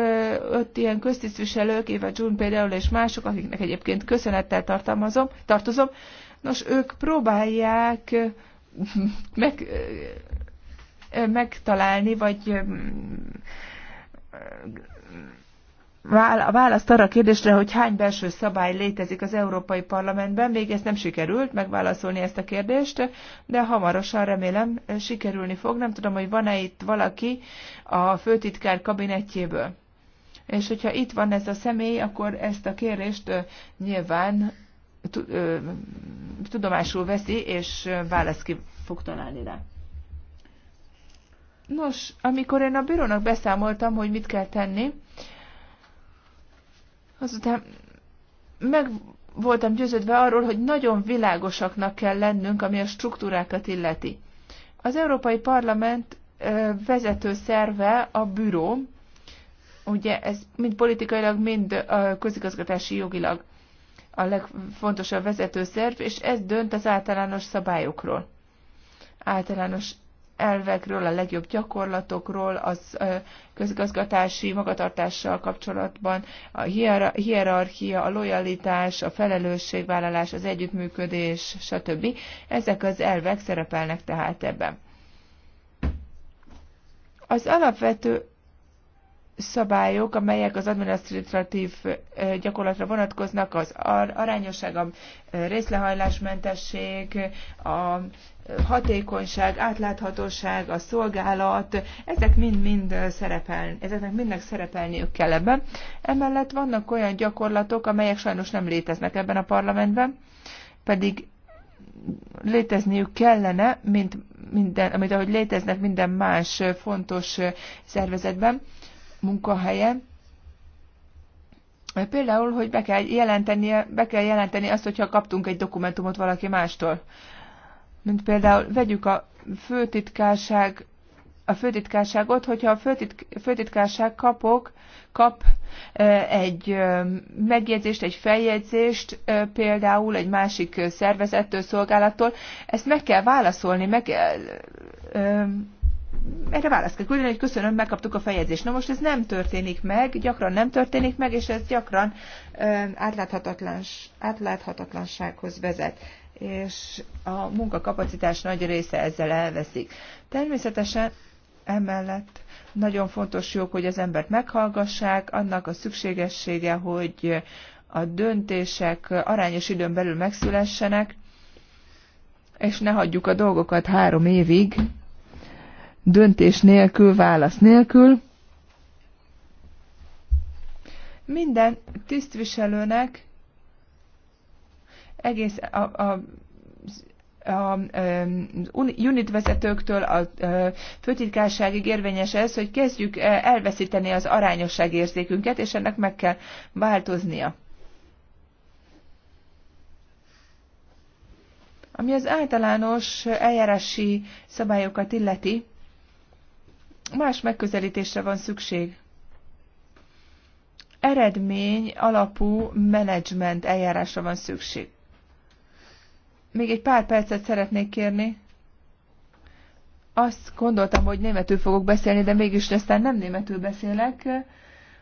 ott ilyen köztisztviselők, Éva June például, és mások, akiknek egyébként köszönettel tartalmazom, tartozom, nos, ők próbálják meg, megtalálni, vagy a választ arra a kérdésre, hogy hány belső szabály létezik az Európai Parlamentben. Még ez nem sikerült megválaszolni ezt a kérdést, de hamarosan remélem sikerülni fog. Nem tudom, hogy van-e itt valaki a főtitkár kabinetjéből. És hogyha itt van ez a személy, akkor ezt a kérést nyilván tudomásul veszi, és választ ki fog találni rá. Nos, amikor én a bürónak beszámoltam, hogy mit kell tenni, Azután meg voltam győződve arról, hogy nagyon világosaknak kell lennünk, ami a struktúrákat illeti. Az Európai Parlament vezető szerve a büró, ugye ez mind politikailag, mind közigazgatási jogilag a legfontosabb vezető szerv, és ez dönt az általános szabályokról. Általános elvekről, a legjobb gyakorlatokról, az közgazgatási magatartással kapcsolatban, a hierarchia, a lojalitás, a felelősségvállalás, az együttműködés, stb. Ezek az elvek szerepelnek tehát ebben. Az alapvető szabályok, amelyek az administratív gyakorlatra vonatkoznak, az arányosság, a részlehajlásmentesség, a hatékonyság, átláthatóság, a szolgálat, ezek mind-mind szerepeln ezeknek mindnek szerepelniük kell ebben. Emellett vannak olyan gyakorlatok, amelyek sajnos nem léteznek ebben a parlamentben, pedig létezniük kellene, mint minden, amit ahogy léteznek minden más fontos szervezetben munkahelye. Például, hogy be kell, jelenteni, be kell jelenteni azt, hogyha kaptunk egy dokumentumot valaki mástól. Mint például vegyük a főtitkárság a főtitkárságot, hogyha a főtitk, főtitkárság kapok, kap egy megjegyzést, egy feljegyzést például egy másik szervezettől, szolgálattól, ezt meg kell válaszolni, meg kell, erre választ kell küldeni, hogy köszönöm, megkaptuk a fejezést. Na most ez nem történik meg, gyakran nem történik meg, és ez gyakran átláthatatlans, átláthatatlansághoz vezet és a munkakapacitás nagy része ezzel elveszik. Természetesen emellett nagyon fontos jó, hogy az embert meghallgassák, annak a szükségessége, hogy a döntések arányos időn belül megszülessenek, és ne hagyjuk a dolgokat három évig, döntés nélkül, válasz nélkül. Minden tisztviselőnek egész a, a a a, a unit vezetőktől a a főtitkárságig érvényes ez, hogy kezdjük elveszíteni az arányosság érzékünket, és ennek meg kell változnia. Ami az általános eljárási szabályokat illeti, Más megközelítésre van szükség. Eredmény alapú menedzsment eljárásra van szükség. Még egy pár percet szeretnék kérni. Azt gondoltam, hogy németül fogok beszélni, de mégis aztán nem németül beszélek.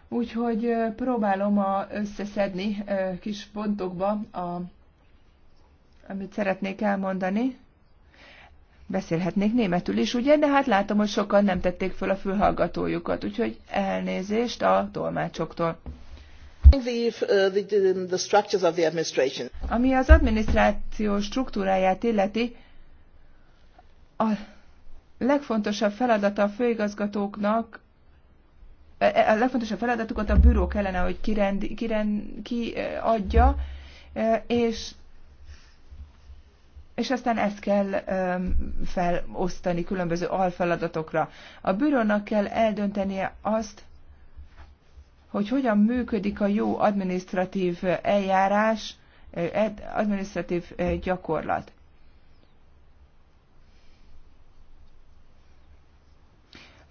Úgyhogy próbálom a, összeszedni kis pontokba, a, amit szeretnék elmondani. Beszélhetnék németül is, ugye, de hát látom, hogy sokan nem tették föl a fülhallgatójukat, úgyhogy elnézést a tolmácsoktól. Uh, Ami az adminisztráció struktúráját illeti, a legfontosabb feladata a főigazgatóknak, e, e, a legfontosabb feladatukat a bürók kellene, hogy kirend, kirend, e, adja, és és aztán ezt kell felosztani különböző alfeladatokra. A bürónak kell eldöntenie azt, hogy hogyan működik a jó administratív eljárás, administratív gyakorlat.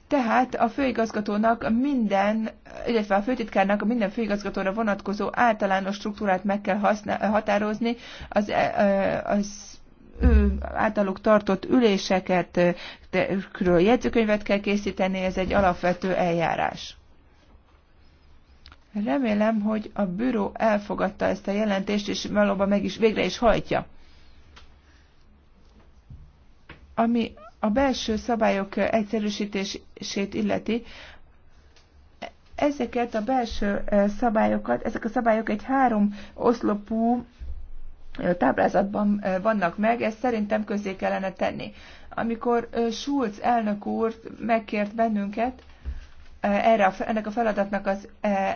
Tehát a főigazgatónak minden, illetve a főtitkárnak a minden főigazgatóra vonatkozó általános struktúrát meg kell használ, határozni, az, az ő általuk tartott üléseket, külön jegyzőkönyvet kell készíteni, ez egy alapvető eljárás. Remélem, hogy a bűró elfogadta ezt a jelentést, és valóban meg is végre is hajtja. Ami a belső szabályok egyszerűsítését illeti, ezeket a belső szabályokat, ezek a szabályok egy három oszlopú táblázatban vannak meg, ezt szerintem közé kellene tenni. Amikor Schulz elnök úr megkért bennünket, erre a, ennek a feladatnak az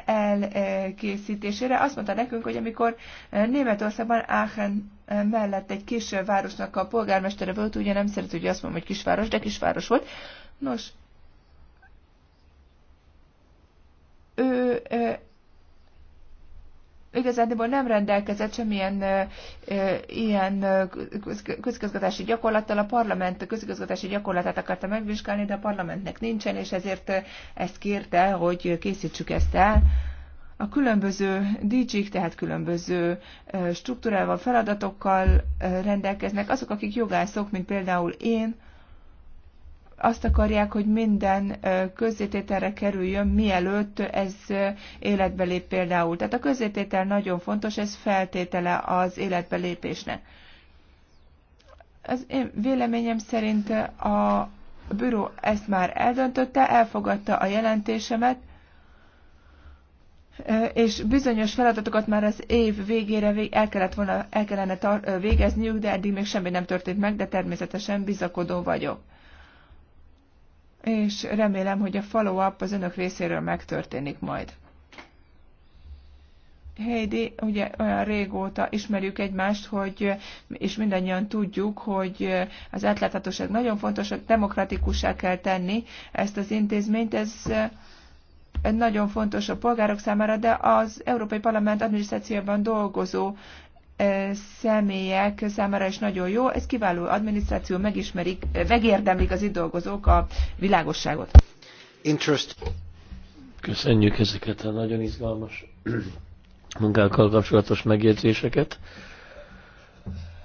elkészítésére. Azt mondta nekünk, hogy amikor Németországban Aachen mellett egy kis városnak a polgármestere volt, ugye nem szeret, hogy azt mondom, hogy kisváros, de kisváros volt. Nos, ő igazából nem rendelkezett semmilyen e, ilyen közigazgatási gyakorlattal. A parlament közigazgatási gyakorlatát akarta megvizsgálni, de a parlamentnek nincsen, és ezért ezt kérte, hogy készítsük ezt el. A különböző dj tehát különböző struktúrával, feladatokkal rendelkeznek. Azok, akik jogászok, mint például én, azt akarják, hogy minden közzétételre kerüljön, mielőtt ez életbe lép például. Tehát a közzététel nagyon fontos, ez feltétele az életbe lépésnek. Az én véleményem szerint a büró ezt már eldöntötte, elfogadta a jelentésemet, és bizonyos feladatokat már az év végére el, kellett volna, el kellene végezniük, de eddig még semmi nem történt meg, de természetesen bizakodó vagyok és remélem, hogy a follow-up az önök részéről megtörténik majd. Heidi, ugye olyan régóta ismerjük egymást, hogy, és mindannyian tudjuk, hogy az átláthatóság nagyon fontos, hogy demokratikussá kell tenni ezt az intézményt. Ez nagyon fontos a polgárok számára, de az Európai Parlament adminisztrációban dolgozó személyek számára is nagyon jó. Ez kiváló adminisztráció, megismerik, megérdemlik az itt dolgozók a világosságot. Interest. Köszönjük ezeket a nagyon izgalmas munkákkal kapcsolatos megjegyzéseket.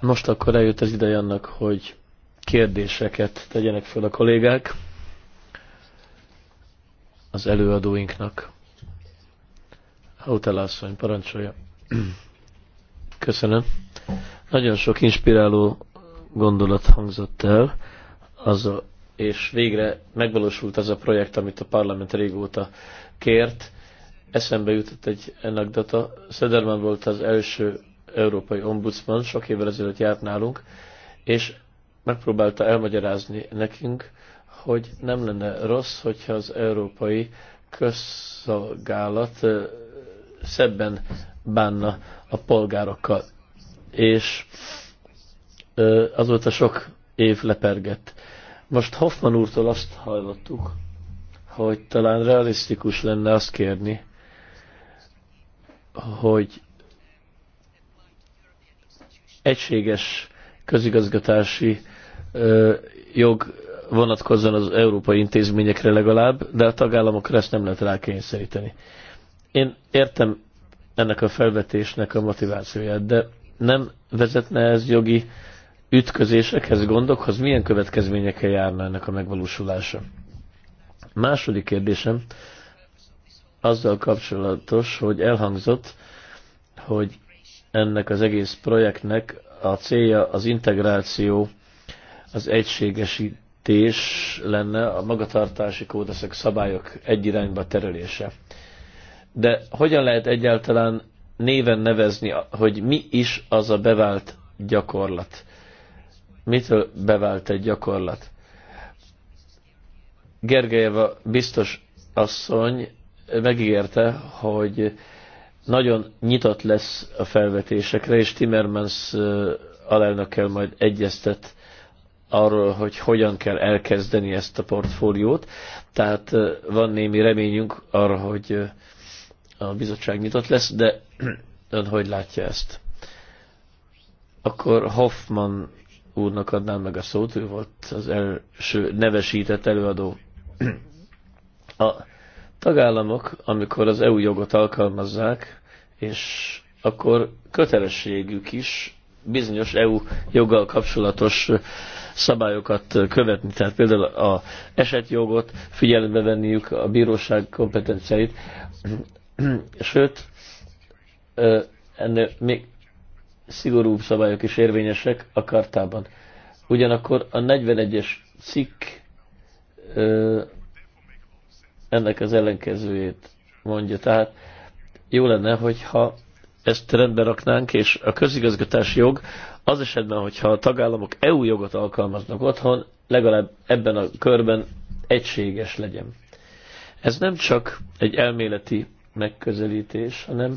Most akkor eljött az ideje annak, hogy kérdéseket tegyenek fel a kollégák az előadóinknak. Hautelászony parancsolja. Köszönöm. Nagyon sok inspiráló gondolat hangzott el, az a, és végre megvalósult az a projekt, amit a parlament régóta kért. Eszembe jutott egy anekdota. Söderman volt az első európai ombudsman, sok évvel ezelőtt járt nálunk, és megpróbálta elmagyarázni nekünk, hogy nem lenne rossz, hogyha az európai közszolgálat szebben bánna a polgárokkal. És azóta sok év lepergett. Most Hoffman úrtól azt hallottuk, hogy talán realisztikus lenne azt kérni, hogy egységes közigazgatási ö, jog vonatkozzon az európai intézményekre legalább, de a tagállamokra ezt nem lehet rákényszeríteni. Én értem ennek a felvetésnek a motivációját, de nem vezetne ez jogi ütközésekhez, gondokhoz, milyen következményekkel járna ennek a megvalósulása? Második kérdésem azzal kapcsolatos, hogy elhangzott, hogy ennek az egész projektnek a célja az integráció, az egységesítés lenne, a magatartási kódaszak szabályok egy irányba terelése de hogyan lehet egyáltalán néven nevezni, hogy mi is az a bevált gyakorlat? Mitől bevált egy gyakorlat? Gergelyeva biztos asszony megígérte, hogy nagyon nyitott lesz a felvetésekre, és Timmermans alelnökkel majd egyeztet arról, hogy hogyan kell elkezdeni ezt a portfóliót. Tehát van némi reményünk arra, hogy a bizottság nyitott lesz, de ön hogy látja ezt? Akkor Hoffman úrnak adnám meg a szót, ő volt az első nevesített előadó. A tagállamok, amikor az EU jogot alkalmazzák, és akkor kötelességük is bizonyos EU joggal kapcsolatos szabályokat követni. Tehát például a esetjogot figyelembe venniük, a bíróság kompetenciáit. Sőt, ennél még szigorúbb szabályok is érvényesek a kartában. Ugyanakkor a 41-es cikk ennek az ellenkezőjét mondja. Tehát jó lenne, hogyha ezt rendbe raknánk, és a közigazgatási jog az esetben, hogyha a tagállamok EU jogot alkalmaznak otthon, legalább ebben a körben egységes legyen. Ez nem csak egy elméleti megközelítés, hanem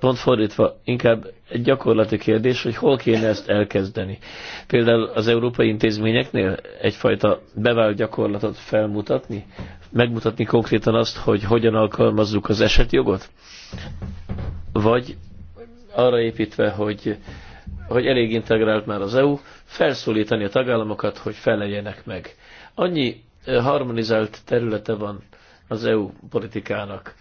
pont fordítva, inkább egy gyakorlati kérdés, hogy hol kéne ezt elkezdeni. Például az európai intézményeknél egyfajta bevált gyakorlatot felmutatni, megmutatni konkrétan azt, hogy hogyan alkalmazzuk az esetjogot, vagy arra építve, hogy, hogy elég integrált már az EU, felszólítani a tagállamokat, hogy feleljenek meg. Annyi eh, harmonizált területe van az EU politikának,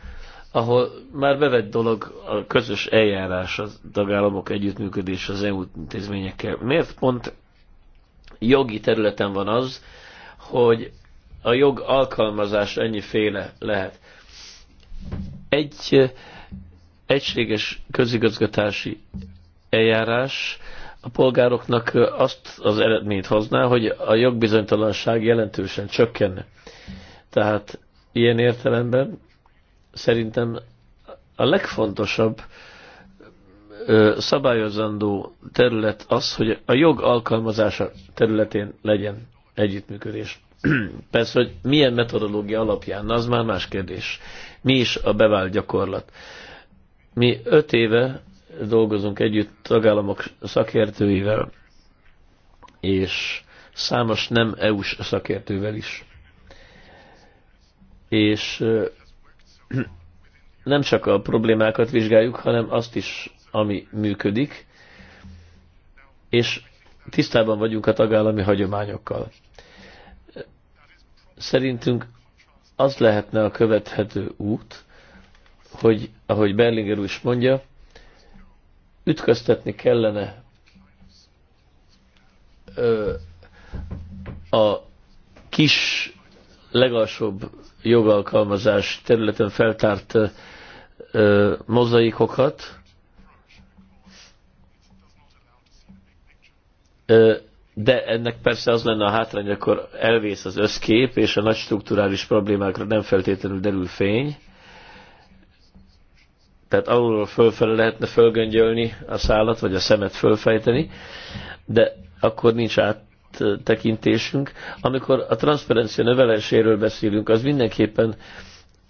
ahol már bevett dolog a közös eljárás, a tagállamok együttműködés az EU intézményekkel. Miért pont jogi területen van az, hogy a jog alkalmazás ennyiféle lehet? Egy egységes közigazgatási eljárás a polgároknak azt az eredményt hozná, hogy a jogbizonytalanság jelentősen csökkenne. Tehát ilyen értelemben szerintem a legfontosabb szabályozandó terület az, hogy a jog alkalmazása területén legyen együttműködés. Persze, hogy milyen metodológia alapján, az már más kérdés. Mi is a bevált gyakorlat? Mi öt éve dolgozunk együtt tagállamok szakértőivel, és számos nem EU-s szakértővel is. És nem csak a problémákat vizsgáljuk, hanem azt is, ami működik, és tisztában vagyunk a tagállami hagyományokkal. Szerintünk az lehetne a követhető út, hogy, ahogy Berlinger is mondja, ütköztetni kellene ö, a kis legalsóbb jogalkalmazás területen feltárt mozaikokat, de ennek persze az lenne a hátrány, akkor elvész az összkép, és a nagy strukturális problémákra nem feltétlenül derül fény. Tehát alulról fölfele lehetne fölgöngyölni a szállat, vagy a szemet fölfejteni, de akkor nincs át, áttekintésünk. Amikor a transzparencia növeléséről beszélünk, az mindenképpen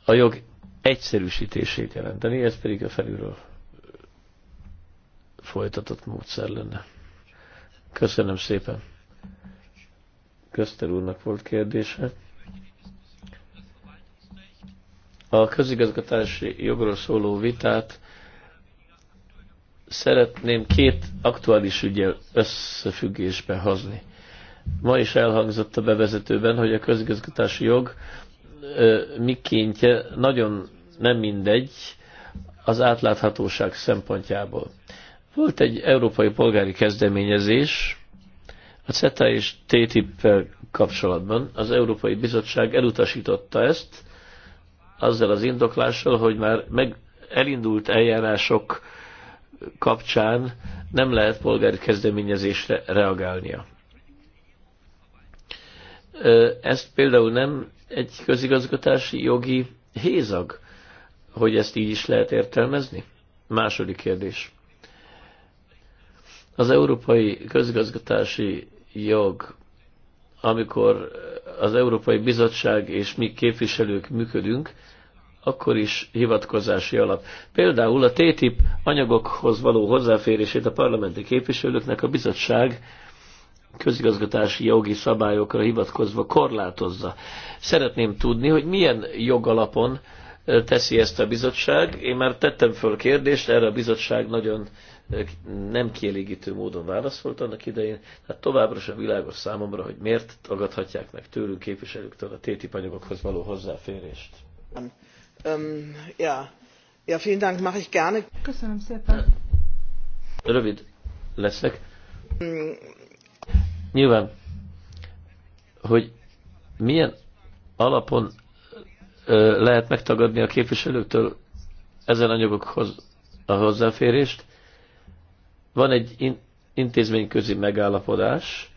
a jog egyszerűsítését jelenteni, ez pedig a felülről folytatott módszer lenne. Köszönöm szépen. Köszter úrnak volt kérdése. A közigazgatási jogról szóló vitát szeretném két aktuális ügyel összefüggésbe hozni. Ma is elhangzott a bevezetőben, hogy a közigazgatási jog mikéntje nagyon nem mindegy az átláthatóság szempontjából. Volt egy európai polgári kezdeményezés a CETA és ttip kapcsolatban. Az Európai Bizottság elutasította ezt azzal az indoklással, hogy már meg elindult eljárások kapcsán nem lehet polgári kezdeményezésre reagálnia. Ezt például nem egy közigazgatási jogi hézag, hogy ezt így is lehet értelmezni? Második kérdés. Az európai közigazgatási jog, amikor az Európai Bizottság és mi képviselők működünk, akkor is hivatkozási alap. Például a TTIP anyagokhoz való hozzáférését a parlamenti képviselőknek a bizottság közigazgatási jogi szabályokra hivatkozva korlátozza. Szeretném tudni, hogy milyen jogalapon teszi ezt a bizottság. Én már tettem föl kérdést, erre a bizottság nagyon nem kielégítő módon válaszolt annak idején, Hát továbbra sem világos számomra, hogy miért tagadhatják meg tőlünk képviselőktől a téti anyagokhoz való hozzáférést. Um, ja. ja, vielen Dank, mache ich gerne. Köszönöm szépen. Rövid leszek. Um, Nyilván, hogy milyen alapon ö, lehet megtagadni a képviselőktől ezen anyagokhoz a hozzáférést. Van egy in, intézményközi megállapodás,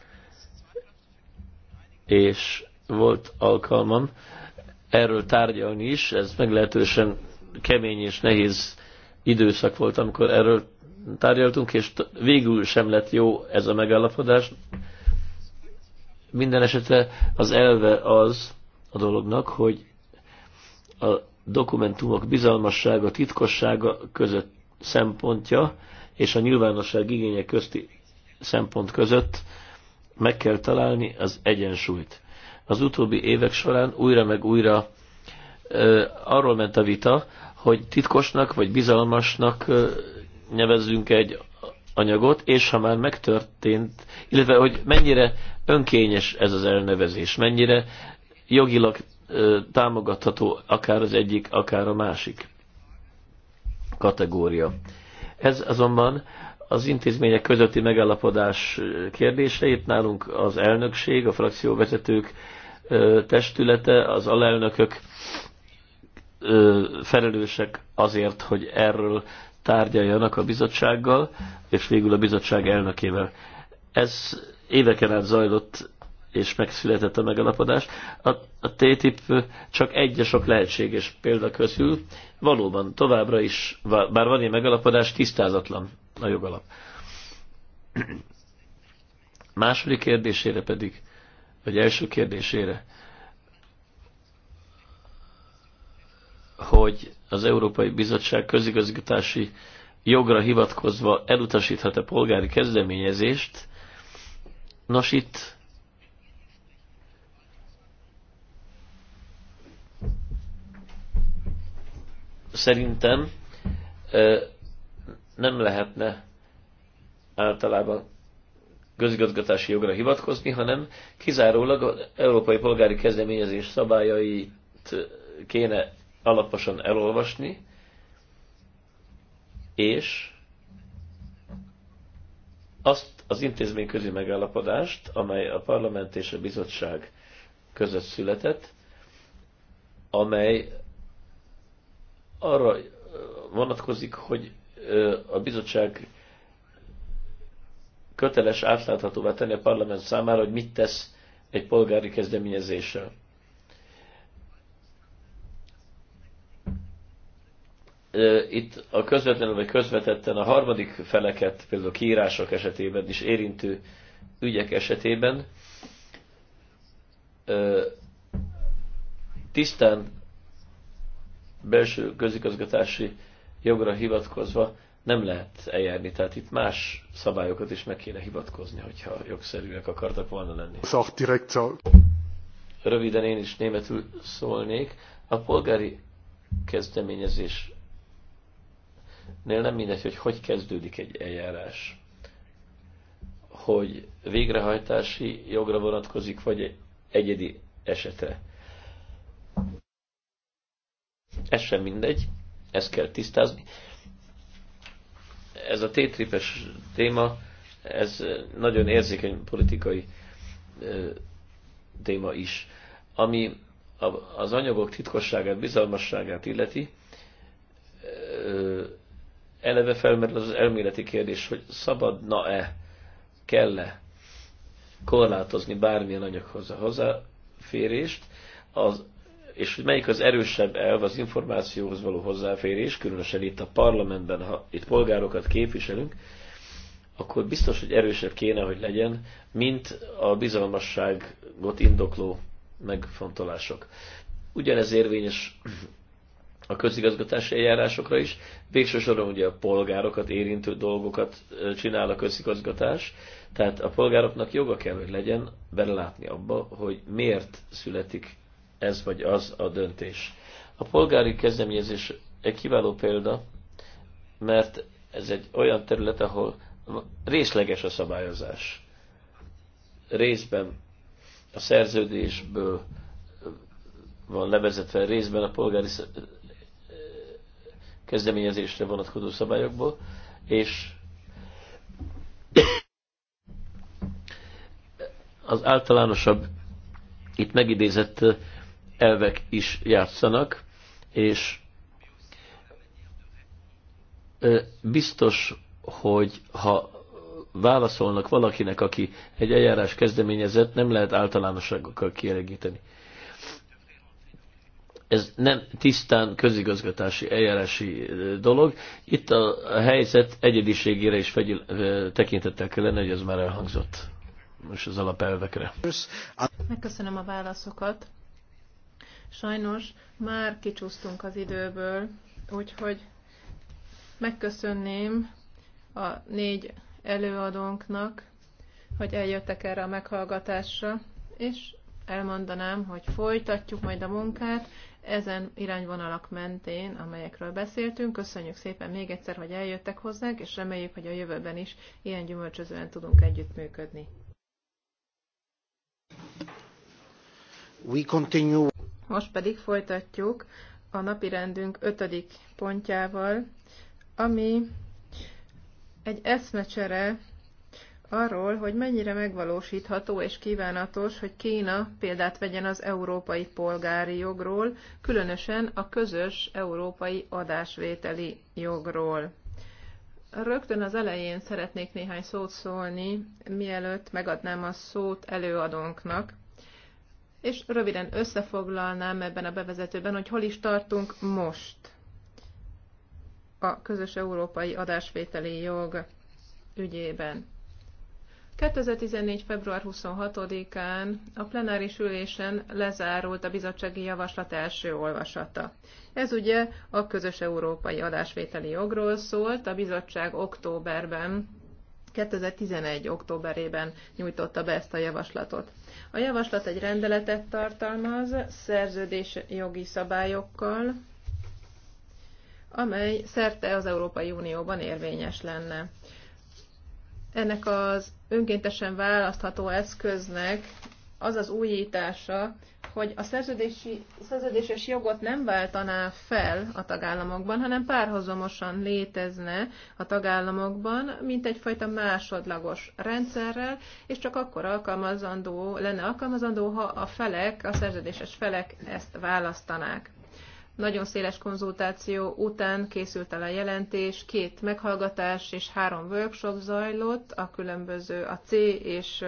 és volt alkalmam erről tárgyalni is, ez meglehetősen kemény és nehéz időszak volt, amikor erről tárgyaltunk, és végül sem lett jó ez a megállapodás minden esetre az elve az a dolognak, hogy a dokumentumok bizalmassága, titkossága között szempontja és a nyilvánosság igénye közti szempont között meg kell találni az egyensúlyt. Az utóbbi évek során újra meg újra ö, arról ment a vita, hogy titkosnak vagy bizalmasnak ö, nevezzünk egy anyagot, és ha már megtörtént, illetve hogy mennyire önkényes ez az elnevezés, mennyire jogilag támogatható akár az egyik, akár a másik kategória. Ez azonban az intézmények közötti megállapodás kérdése. Itt nálunk az elnökség, a frakcióvezetők testülete, az alelnökök felelősek azért, hogy erről tárgyaljanak a bizottsággal, és végül a bizottság elnökével. Ez éveken át zajlott, és megszületett a megalapodás. A, a TTIP csak egy a sok lehetséges példa közül. Valóban továbbra is, bár van ilyen megalapodás, tisztázatlan a jogalap. Második kérdésére pedig, vagy első kérdésére hogy az Európai Bizottság közigazgatási jogra hivatkozva elutasíthat-e polgári kezdeményezést. Nos, itt szerintem nem lehetne általában közigazgatási jogra hivatkozni, hanem kizárólag az európai polgári kezdeményezés szabályait kéne alaposan elolvasni, és azt az intézményközi megállapodást, amely a parlament és a bizottság között született, amely arra vonatkozik, hogy a bizottság köteles átláthatóvá tenni a parlament számára, hogy mit tesz egy polgári kezdeményezéssel. itt a közvetlenül vagy közvetetten a harmadik feleket, például a kiírások esetében is érintő ügyek esetében tisztán belső közigazgatási jogra hivatkozva nem lehet eljárni, tehát itt más szabályokat is meg kéne hivatkozni, hogyha jogszerűek akartak volna lenni. Röviden én is németül szólnék. A polgári kezdeményezés nél nem mindegy, hogy hogy kezdődik egy eljárás. Hogy végrehajtási jogra vonatkozik, vagy egyedi esete. Ez sem mindegy, ezt kell tisztázni. Ez a tétripes téma, ez nagyon érzékeny politikai téma is. Ami az anyagok titkosságát, bizalmasságát illeti, eleve felmerül az elméleti kérdés, hogy szabadna-e, kell-e korlátozni bármilyen anyaghoz a hozzáférést, az, és hogy melyik az erősebb elv az információhoz való hozzáférés, különösen itt a parlamentben, ha itt polgárokat képviselünk, akkor biztos, hogy erősebb kéne, hogy legyen, mint a bizalmasságot indokló megfontolások. Ugyanez érvényes a közigazgatási eljárásokra is. Végső soron ugye a polgárokat érintő dolgokat csinál a közigazgatás, tehát a polgároknak joga kell, hogy legyen belelátni abba, hogy miért születik ez vagy az a döntés. A polgári kezdeményezés egy kiváló példa, mert ez egy olyan terület, ahol részleges a szabályozás. Részben a szerződésből van levezetve, részben a polgári kezdeményezésre vonatkozó szabályokból, és az általánosabb, itt megidézett elvek is játszanak, és biztos, hogy ha válaszolnak valakinek, aki egy eljárás kezdeményezett, nem lehet általánosságokkal kielégíteni ez nem tisztán közigazgatási eljárási dolog. Itt a helyzet egyediségére is fegyül, tekintettel kell lenni, hogy ez már elhangzott most az alapelvekre. Megköszönöm a válaszokat. Sajnos már kicsúsztunk az időből, úgyhogy megköszönném a négy előadónknak, hogy eljöttek erre a meghallgatásra, és elmondanám, hogy folytatjuk majd a munkát ezen irányvonalak mentén, amelyekről beszéltünk. Köszönjük szépen még egyszer, hogy eljöttek hozzánk, és reméljük, hogy a jövőben is ilyen gyümölcsözően tudunk együttműködni. We continue. Most pedig folytatjuk a napirendünk ötödik pontjával, ami egy eszmecsere arról, hogy mennyire megvalósítható és kívánatos, hogy Kína példát vegyen az európai polgári jogról, különösen a közös európai adásvételi jogról. Rögtön az elején szeretnék néhány szót szólni, mielőtt megadnám a szót előadónknak, és röviden összefoglalnám ebben a bevezetőben, hogy hol is tartunk most a közös európai adásvételi jog ügyében. 2014. február 26-án a plenáris ülésen lezárult a bizottsági javaslat első olvasata. Ez ugye a közös európai adásvételi jogról szólt, a bizottság októberben 2011. októberében nyújtotta be ezt a javaslatot. A javaslat egy rendeletet tartalmaz szerződésjogi jogi szabályokkal, amely szerte az Európai Unióban érvényes lenne ennek az önkéntesen választható eszköznek az az újítása, hogy a szerződési, szerződéses jogot nem váltaná fel a tagállamokban, hanem párhuzamosan létezne a tagállamokban, mint egyfajta másodlagos rendszerrel, és csak akkor alkalmazandó, lenne alkalmazandó, ha a felek, a szerződéses felek ezt választanák. Nagyon széles konzultáció után készült el a jelentés, két meghallgatás és három workshop zajlott a különböző a C és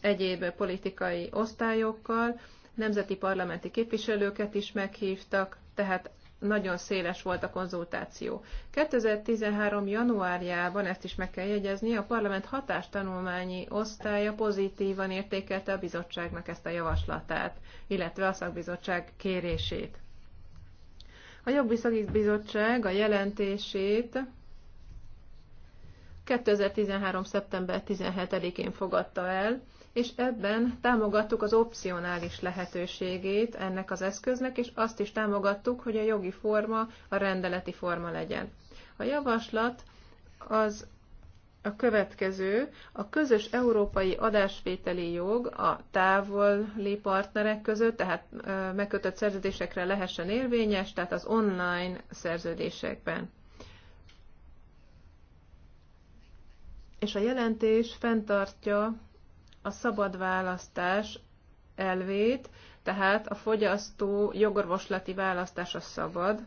egyéb politikai osztályokkal, nemzeti parlamenti képviselőket is meghívtak, tehát nagyon széles volt a konzultáció. 2013. januárjában, ezt is meg kell jegyezni, a parlament hatástanulmányi osztálya pozitívan értékelte a bizottságnak ezt a javaslatát, illetve a szakbizottság kérését. A Jogviszagi Bizottság a jelentését 2013. szeptember 17-én fogadta el, és ebben támogattuk az opcionális lehetőségét ennek az eszköznek, és azt is támogattuk, hogy a jogi forma a rendeleti forma legyen. A javaslat az a következő, a közös európai adásvételi jog a távoli partnerek között, tehát megkötött szerződésekre lehessen érvényes, tehát az online szerződésekben. És a jelentés fenntartja a szabad választás elvét, tehát a fogyasztó jogorvoslati választása szabad,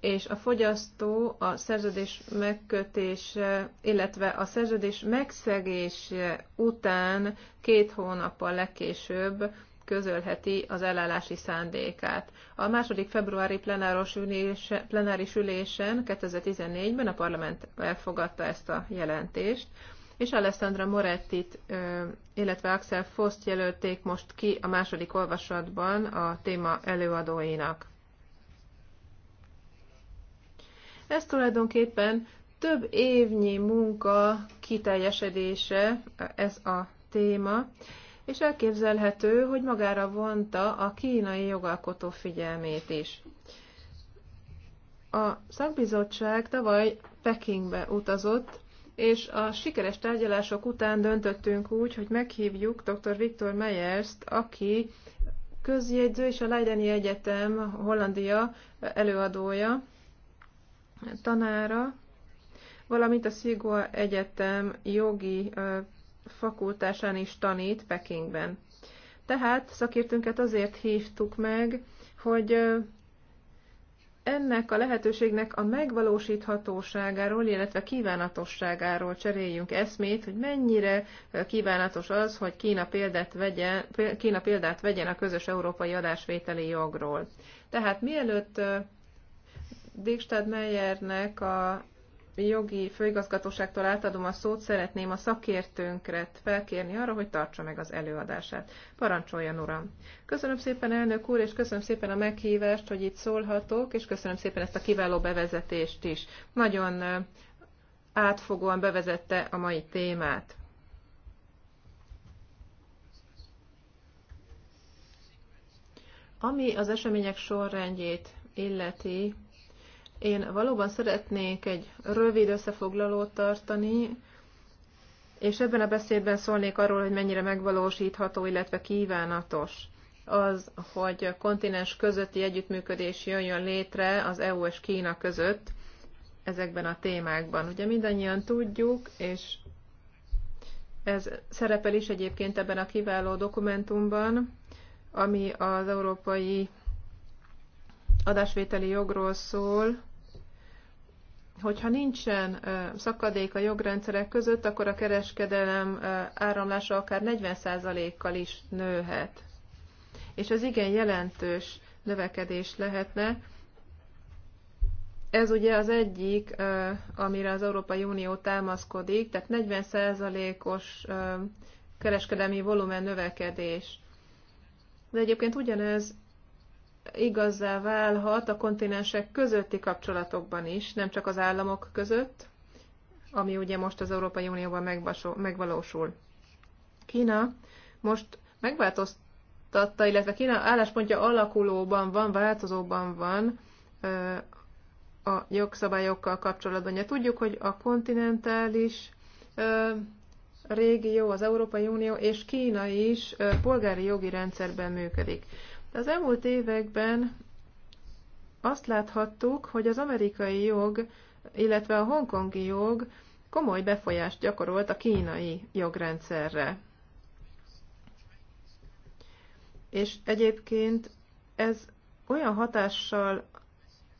és a fogyasztó a szerződés megkötése, illetve a szerződés megszegése után két hónappal legkésőbb közölheti az elállási szándékát. A második februári plenáros ülése, plenáris ülésen 2014-ben a parlament elfogadta ezt a jelentést, és Alessandra Morettit, illetve Axel Foszt jelölték most ki a második olvasatban a téma előadóinak. Ez tulajdonképpen több évnyi munka kiteljesedése ez a téma, és elképzelhető, hogy magára vonta a kínai jogalkotó figyelmét is. A szakbizottság tavaly Pekingbe utazott, és a sikeres tárgyalások után döntöttünk úgy, hogy meghívjuk dr. Viktor Meyerst, aki közjegyző és a Leideni Egyetem Hollandia előadója, tanára, valamint a Szigua Egyetem jogi fakultásán is tanít Pekingben. Tehát szakértőnket azért hívtuk meg, hogy ennek a lehetőségnek a megvalósíthatóságáról, illetve kívánatosságáról cseréljünk eszmét, hogy mennyire kívánatos az, hogy Kína példát vegyen, Kína példát vegyen a közös európai adásvételi jogról. Tehát mielőtt Dickstad Meyernek a jogi főigazgatóságtól átadom a szót, szeretném a szakértőnkre felkérni arra, hogy tartsa meg az előadását. Parancsoljon, uram! Köszönöm szépen, elnök úr, és köszönöm szépen a meghívást, hogy itt szólhatok, és köszönöm szépen ezt a kiváló bevezetést is. Nagyon átfogóan bevezette a mai témát. Ami az események sorrendjét illeti, én valóban szeretnék egy rövid összefoglalót tartani, és ebben a beszédben szólnék arról, hogy mennyire megvalósítható, illetve kívánatos az, hogy kontinens közötti együttműködés jönjön létre az EU és Kína között ezekben a témákban. Ugye mindannyian tudjuk, és ez szerepel is egyébként ebben a kiváló dokumentumban, ami az európai adásvételi jogról szól, hogyha nincsen szakadék a jogrendszerek között, akkor a kereskedelem áramlása akár 40%-kal is nőhet. És ez igen jelentős növekedés lehetne. Ez ugye az egyik, amire az Európai Unió támaszkodik, tehát 40%-os kereskedelmi volumen növekedés. De egyébként ugyanez igazá válhat a kontinensek közötti kapcsolatokban is, nem csak az államok között, ami ugye most az Európai Unióban megvalósul. Kína most megváltoztatta, illetve Kína álláspontja alakulóban van, változóban van a jogszabályokkal kapcsolatban. Ja, tudjuk, hogy a kontinentális régió, az Európai Unió és Kína is polgári jogi rendszerben működik. De az elmúlt években azt láthattuk, hogy az amerikai jog, illetve a hongkongi jog komoly befolyást gyakorolt a kínai jogrendszerre. És egyébként ez olyan hatással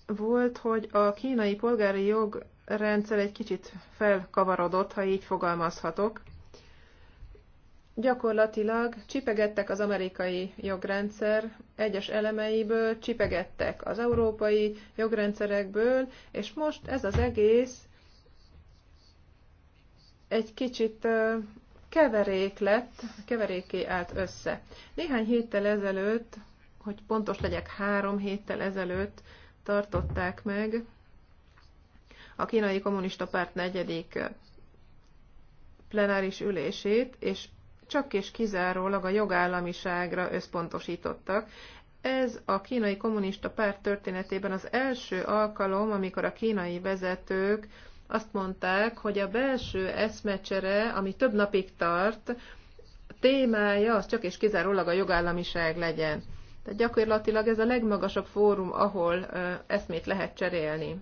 volt, hogy a kínai polgári jogrendszer egy kicsit felkavarodott, ha így fogalmazhatok gyakorlatilag csipegettek az amerikai jogrendszer egyes elemeiből, csipegettek az európai jogrendszerekből, és most ez az egész egy kicsit keverék lett, keveréké állt össze. Néhány héttel ezelőtt, hogy pontos legyek, három héttel ezelőtt tartották meg a kínai kommunista párt negyedik plenáris ülését, és csak és kizárólag a jogállamiságra összpontosítottak. Ez a kínai kommunista párt történetében az első alkalom, amikor a kínai vezetők azt mondták, hogy a belső eszmecsere, ami több napig tart, témája az csak és kizárólag a jogállamiság legyen. Tehát gyakorlatilag ez a legmagasabb fórum, ahol eszmét lehet cserélni.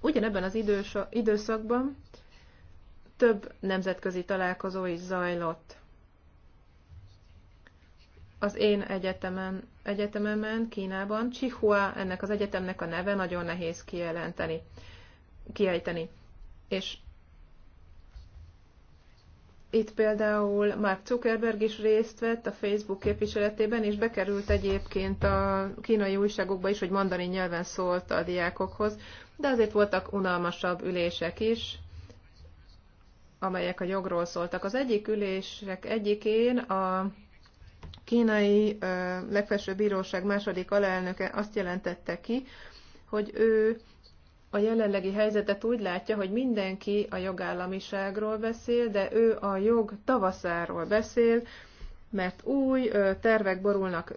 Ugyanebben az időszakban több nemzetközi találkozó is zajlott. Az én egyetemen, egyetememen Kínában, Chihua, ennek az egyetemnek a neve nagyon nehéz kijelenteni, kiejteni. És itt például Mark Zuckerberg is részt vett a Facebook képviseletében, és bekerült egyébként a kínai újságokba is, hogy mandarin nyelven szólt a diákokhoz, de azért voltak unalmasabb ülések is, amelyek a jogról szóltak. Az egyik ülések egyikén a kínai legfelsőbb bíróság második alelnöke azt jelentette ki, hogy ő a jelenlegi helyzetet úgy látja, hogy mindenki a jogállamiságról beszél, de ő a jog tavaszáról beszél, mert új tervek borulnak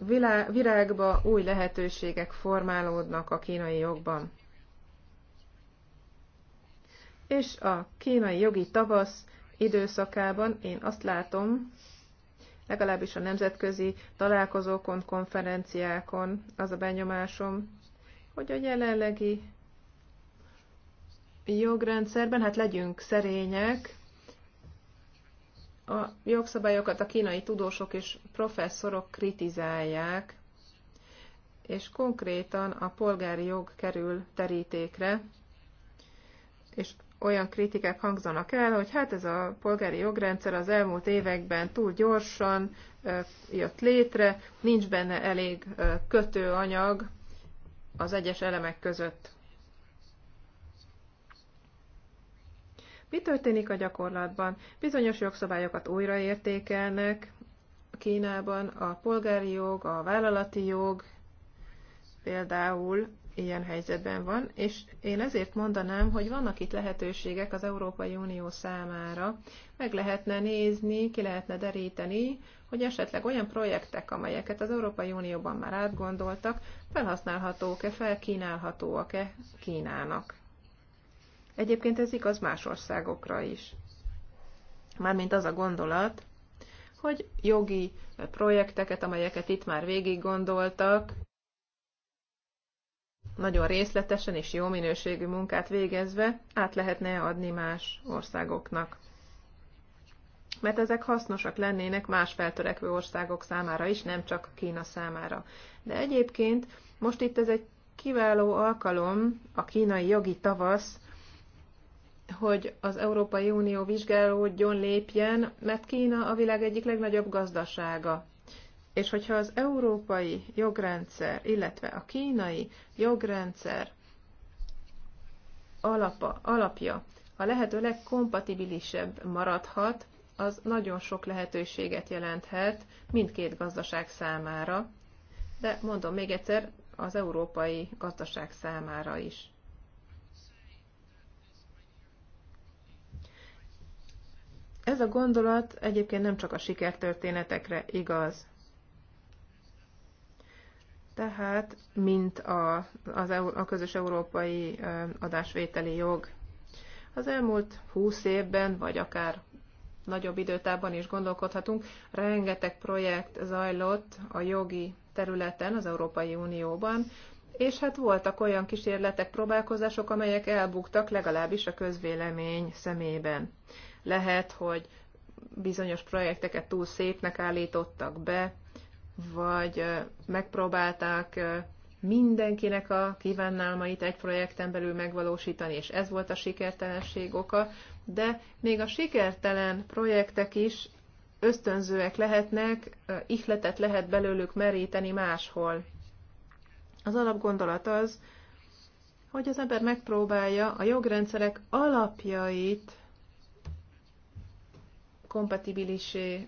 virágba, új lehetőségek formálódnak a kínai jogban. És a kínai jogi tavasz időszakában én azt látom, legalábbis a nemzetközi találkozókon, konferenciákon az a benyomásom, hogy a jelenlegi jogrendszerben, hát legyünk szerények, a jogszabályokat a kínai tudósok és professzorok kritizálják, és konkrétan a polgári jog kerül terítékre, és olyan kritikák hangzanak el, hogy hát ez a polgári jogrendszer az elmúlt években túl gyorsan jött létre, nincs benne elég kötőanyag az egyes elemek között. Mi történik a gyakorlatban? Bizonyos jogszabályokat újraértékelnek Kínában, a polgári jog, a vállalati jog például ilyen helyzetben van, és én ezért mondanám, hogy vannak itt lehetőségek az Európai Unió számára. Meg lehetne nézni, ki lehetne deríteni, hogy esetleg olyan projektek, amelyeket az Európai Unióban már átgondoltak, felhasználhatók-e, felkínálhatóak-e Kínának. Egyébként ez igaz más országokra is. Mármint az a gondolat, hogy jogi projekteket, amelyeket itt már végig gondoltak, nagyon részletesen és jó minőségű munkát végezve át lehetne adni más országoknak. Mert ezek hasznosak lennének más feltörekvő országok számára is, nem csak Kína számára. De egyébként most itt ez egy kiváló alkalom, a kínai jogi tavasz, hogy az Európai Unió vizsgálódjon, lépjen, mert Kína a világ egyik legnagyobb gazdasága. És hogyha az európai jogrendszer, illetve a kínai jogrendszer alapa, alapja a lehető legkompatibilisebb maradhat, az nagyon sok lehetőséget jelenthet mindkét gazdaság számára, de mondom még egyszer, az európai gazdaság számára is. Ez a gondolat egyébként nem csak a sikertörténetekre igaz tehát, mint a, az, a közös európai adásvételi jog. Az elmúlt húsz évben, vagy akár nagyobb időtában is gondolkodhatunk, rengeteg projekt zajlott a jogi területen az Európai Unióban, és hát voltak olyan kísérletek, próbálkozások, amelyek elbuktak legalábbis a közvélemény szemében. Lehet, hogy bizonyos projekteket túl szépnek állítottak be, vagy megpróbálták mindenkinek a kívánálmait egy projekten belül megvalósítani, és ez volt a sikertelenség oka, de még a sikertelen projektek is ösztönzőek lehetnek, ihletet lehet belőlük meríteni máshol. Az alapgondolat az, hogy az ember megpróbálja a jogrendszerek alapjait kompatibilisé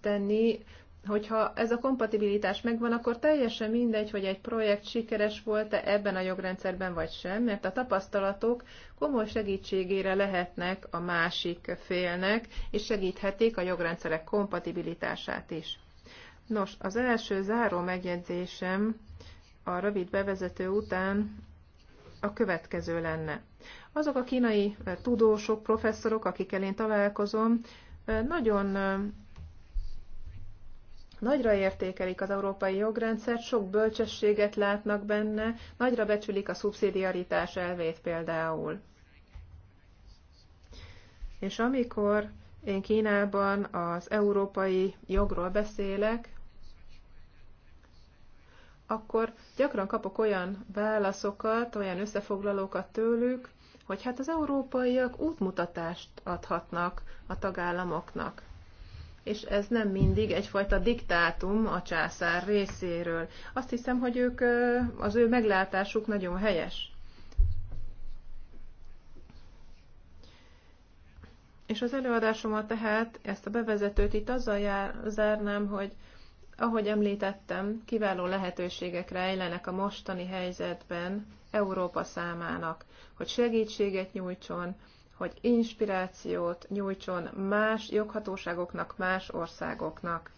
tenni, hogyha ez a kompatibilitás megvan, akkor teljesen mindegy, hogy egy projekt sikeres volt-e ebben a jogrendszerben vagy sem, mert a tapasztalatok komoly segítségére lehetnek a másik félnek, és segíthetik a jogrendszerek kompatibilitását is. Nos, az első záró megjegyzésem a rövid bevezető után a következő lenne. Azok a kínai tudósok, professzorok, akikkel én találkozom, nagyon Nagyra értékelik az európai jogrendszert, sok bölcsességet látnak benne, nagyra becsülik a szubszidiaritás elvét például. És amikor én Kínában az európai jogról beszélek, akkor gyakran kapok olyan válaszokat, olyan összefoglalókat tőlük, hogy hát az európaiak útmutatást adhatnak a tagállamoknak és ez nem mindig egyfajta diktátum a császár részéről. Azt hiszem, hogy ők, az ő meglátásuk nagyon helyes. És az előadásomat tehát, ezt a bevezetőt itt azzal jár, zárnám, hogy ahogy említettem, kiváló lehetőségek rejlenek a mostani helyzetben Európa számának, hogy segítséget nyújtson, hogy inspirációt nyújtson más joghatóságoknak, más országoknak.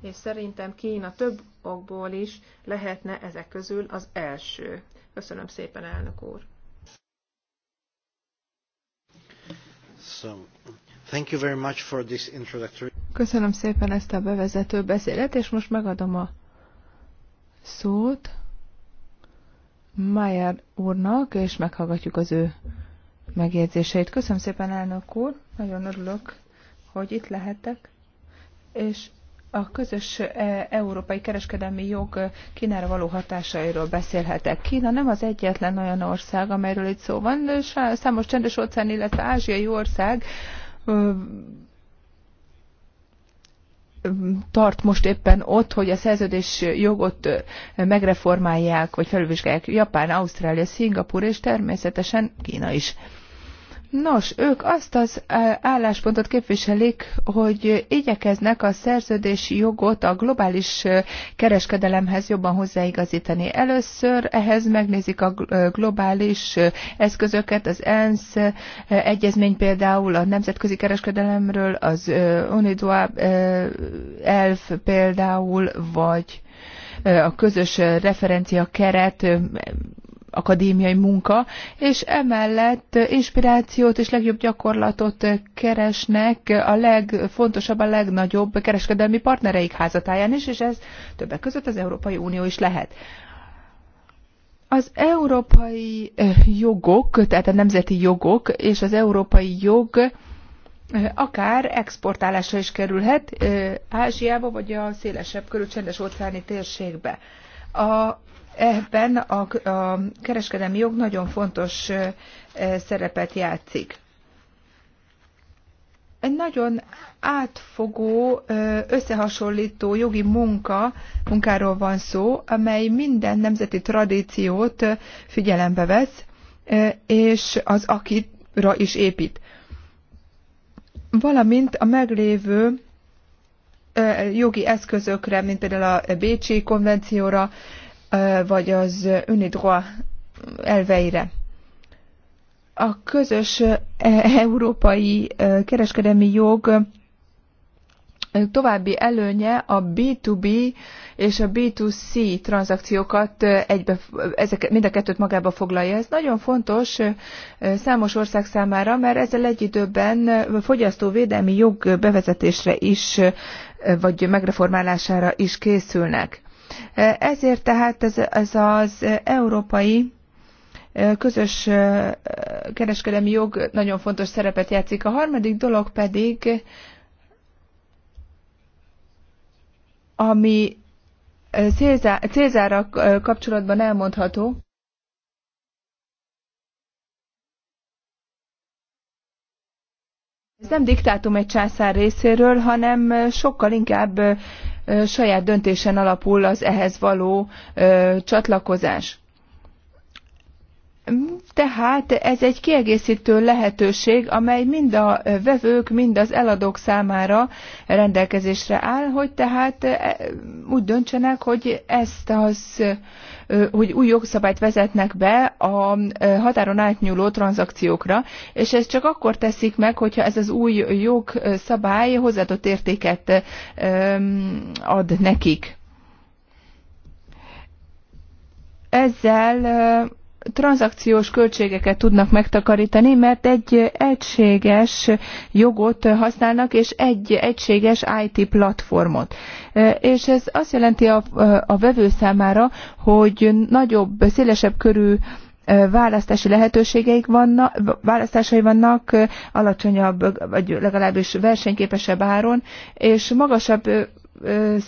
És szerintem Kína több okból is lehetne ezek közül az első. Köszönöm szépen, elnök úr! So, thank you very much for this introductory... Köszönöm szépen ezt a bevezető beszédet, és most megadom a szót Mayer úrnak, és meghallgatjuk az ő megjegyzéseit. Köszönöm szépen, elnök úr, nagyon örülök, hogy itt lehetek, és a közös e, európai kereskedelmi jog Kínára való hatásairól beszélhetek. Kína nem az egyetlen olyan ország, amelyről itt szó van, de számos csendes óceán, illetve ázsiai ország tart most éppen ott, hogy a szerződés jogot megreformálják, vagy felülvizsgálják Japán, Ausztrália, Szingapur és természetesen Kína is. Nos, ők azt az e, álláspontot képviselik, hogy igyekeznek a szerződési jogot a globális e, kereskedelemhez jobban hozzáigazítani. Először ehhez megnézik a e, globális eszközöket, az ENSZ egyezmény például a nemzetközi kereskedelemről, az UNIDOA ELF például, vagy a közös referencia keret akadémiai munka, és emellett inspirációt és legjobb gyakorlatot keresnek a legfontosabb, a legnagyobb kereskedelmi partnereik házatáján is, és ez többek között az Európai Unió is lehet. Az európai eh, jogok, tehát a nemzeti jogok és az európai jog eh, akár exportálásra is kerülhet eh, Ázsiába vagy a szélesebb körül csendes óceáni térségbe. A ebben a, a kereskedelmi jog nagyon fontos szerepet játszik. Egy nagyon átfogó, összehasonlító jogi munka, munkáról van szó, amely minden nemzeti tradíciót figyelembe vesz, és az akira is épít. Valamint a meglévő jogi eszközökre, mint például a Bécsi konvencióra, vagy az UNIDROA elveire. A közös európai kereskedelmi jog további előnye a B2B és a B2C tranzakciókat egybe, ezek, mind a kettőt magába foglalja. Ez nagyon fontos számos ország számára, mert ezzel egy időben fogyasztóvédelmi jog bevezetésre is, vagy megreformálására is készülnek. Ezért tehát ez, ez az európai közös kereskedelmi jog nagyon fontos szerepet játszik. A harmadik dolog pedig, ami Cézára kapcsolatban elmondható, Ez nem diktátum egy császár részéről, hanem sokkal inkább saját döntésen alapul az ehhez való csatlakozás. Tehát ez egy kiegészítő lehetőség, amely mind a vevők, mind az eladók számára rendelkezésre áll, hogy tehát e, úgy döntsenek, hogy ezt az, hogy új jogszabályt vezetnek be a határon átnyúló tranzakciókra, és ezt csak akkor teszik meg, hogyha ez az új jogszabály hozzáadott értéket ad nekik. Ezzel tranzakciós költségeket tudnak megtakarítani, mert egy egységes jogot használnak, és egy egységes IT platformot. E, és ez azt jelenti a, a vevő számára, hogy nagyobb, szélesebb körű e, választási lehetőségeik vannak, választásai vannak e, alacsonyabb, vagy legalábbis versenyképesebb áron, és magasabb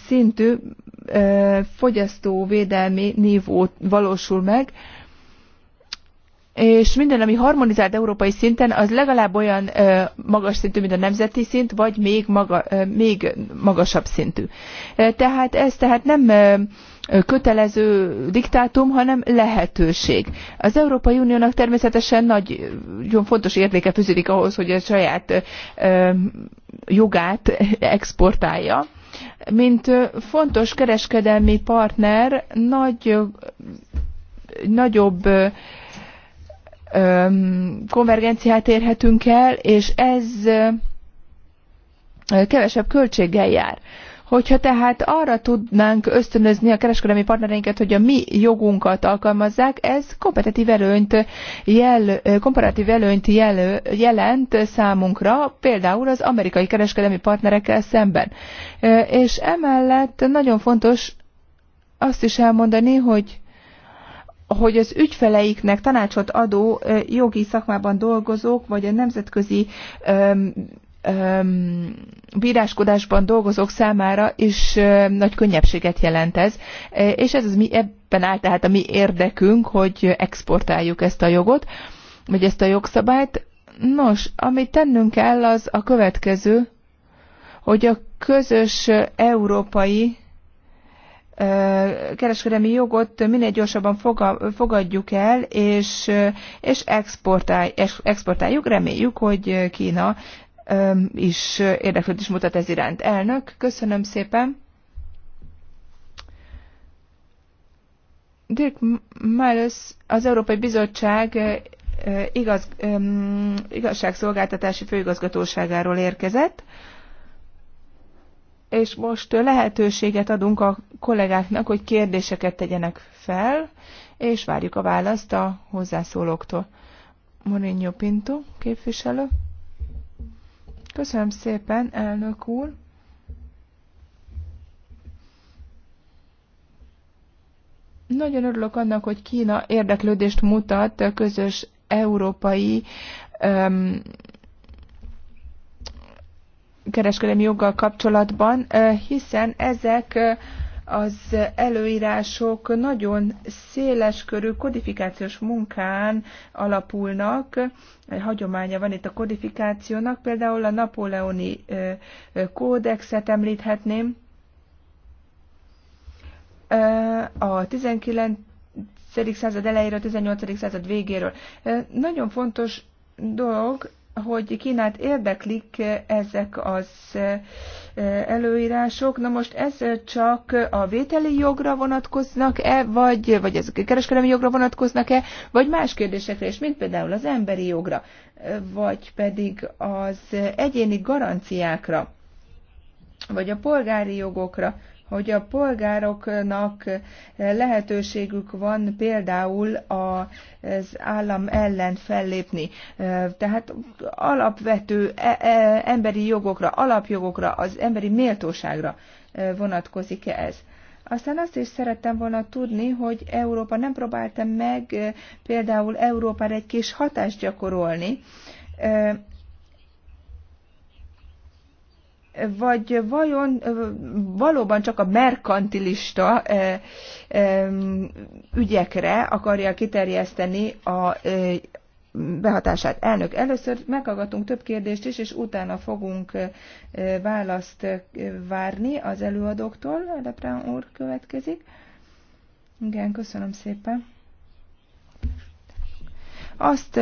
szintű fogyasztóvédelmi nívó valósul meg, és minden, ami harmonizált európai szinten, az legalább olyan magas szintű, mint a nemzeti szint, vagy még, maga, még magasabb szintű. Tehát ez tehát nem kötelező diktátum, hanem lehetőség. Az Európai Uniónak természetesen nagy, nagyon fontos értéke fűződik ahhoz, hogy a saját jogát exportálja. Mint fontos kereskedelmi partner, nagy, nagyobb konvergenciát érhetünk el, és ez kevesebb költséggel jár. Hogyha tehát arra tudnánk ösztönözni a kereskedelmi partnereinket, hogy a mi jogunkat alkalmazzák, ez kompetitív előnyt jel, komparatív előnyt jel, jelent számunkra, például az amerikai kereskedelmi partnerekkel szemben. És emellett nagyon fontos azt is elmondani, hogy hogy az ügyfeleiknek tanácsot adó jogi szakmában dolgozók, vagy a nemzetközi bíráskodásban dolgozók számára is nagy könnyebbséget jelent ez, és ez az mi ebben áll tehát a mi érdekünk, hogy exportáljuk ezt a jogot, vagy ezt a jogszabályt. Nos, amit tennünk kell, az a következő, hogy a közös európai kereskedelmi jogot minél gyorsabban fogadjuk el, és, és exportálj, exportáljuk. Reméljük, hogy Kína is érdeklődés mutat ez iránt. Elnök, köszönöm szépen. Dirk Miles, az Európai Bizottság igaz, igazságszolgáltatási főigazgatóságáról érkezett és most lehetőséget adunk a kollégáknak, hogy kérdéseket tegyenek fel, és várjuk a választ a hozzászólóktól. Mourinho Pinto képviselő. Köszönöm szépen, elnök úr. Nagyon örülök annak, hogy Kína érdeklődést mutat közös európai kereskedelmi joggal kapcsolatban, hiszen ezek az előírások nagyon széles körű kodifikációs munkán alapulnak. Egy hagyománya van itt a kodifikációnak, például a napóleoni kódexet említhetném. A 19. század elejéről, 18. század végéről. Nagyon fontos dolog hogy Kínát érdeklik ezek az e, előírások. Na most ez csak a vételi jogra vonatkoznak-e, vagy, vagy ezek a kereskedelmi jogra vonatkoznak-e, vagy más kérdésekre is, mint például az emberi jogra, e, vagy pedig az egyéni garanciákra, vagy a polgári jogokra, hogy a polgároknak lehetőségük van például az állam ellen fellépni. Tehát alapvető e, e, emberi jogokra, alapjogokra, az emberi méltóságra vonatkozik-e ez. Aztán azt is szerettem volna tudni, hogy Európa nem próbálta meg például Európára egy kis hatást gyakorolni, vagy vajon valóban csak a merkantilista ügyekre akarja kiterjeszteni a behatását. Elnök, először meghallgatunk több kérdést is, és utána fogunk választ várni az előadóktól. Leprán úr következik. Igen, köszönöm szépen. Azt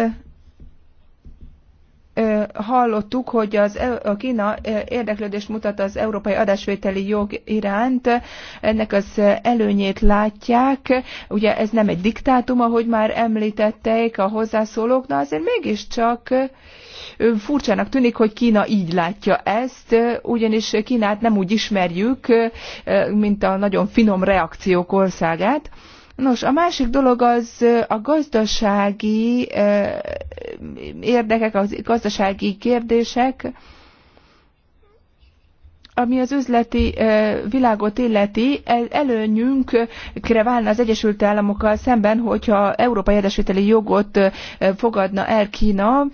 hallottuk, hogy az, e- a Kína érdeklődést mutat az európai adásvételi jog iránt, ennek az előnyét látják. Ugye ez nem egy diktátum, ahogy már említették a hozzászólók, de azért mégiscsak furcsának tűnik, hogy Kína így látja ezt, ugyanis Kínát nem úgy ismerjük, mint a nagyon finom reakciók országát. Nos, a másik dolog az a gazdasági érdekek, a gazdasági kérdések, ami az üzleti világot illeti, e, előnyünkre válna az Egyesült Államokkal szemben, hogyha európai edesvételi jogot fogadna el Kína,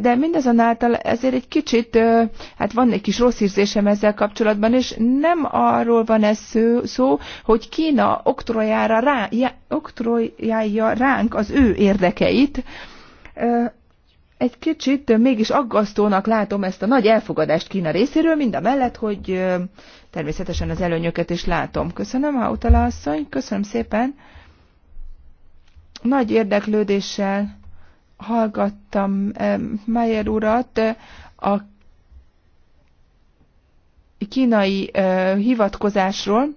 de mindazonáltal ezért egy kicsit, hát van egy kis rossz érzésem ezzel kapcsolatban, és nem arról van ez szó, hogy Kína oktrojára rá, oktrojálja ránk az ő érdekeit, egy kicsit mégis aggasztónak látom ezt a nagy elfogadást Kína részéről, mind a mellett, hogy természetesen az előnyöket is látom. Köszönöm, Hautala asszony, köszönöm szépen. Nagy érdeklődéssel hallgattam Mayer urat, a kínai hivatkozásról,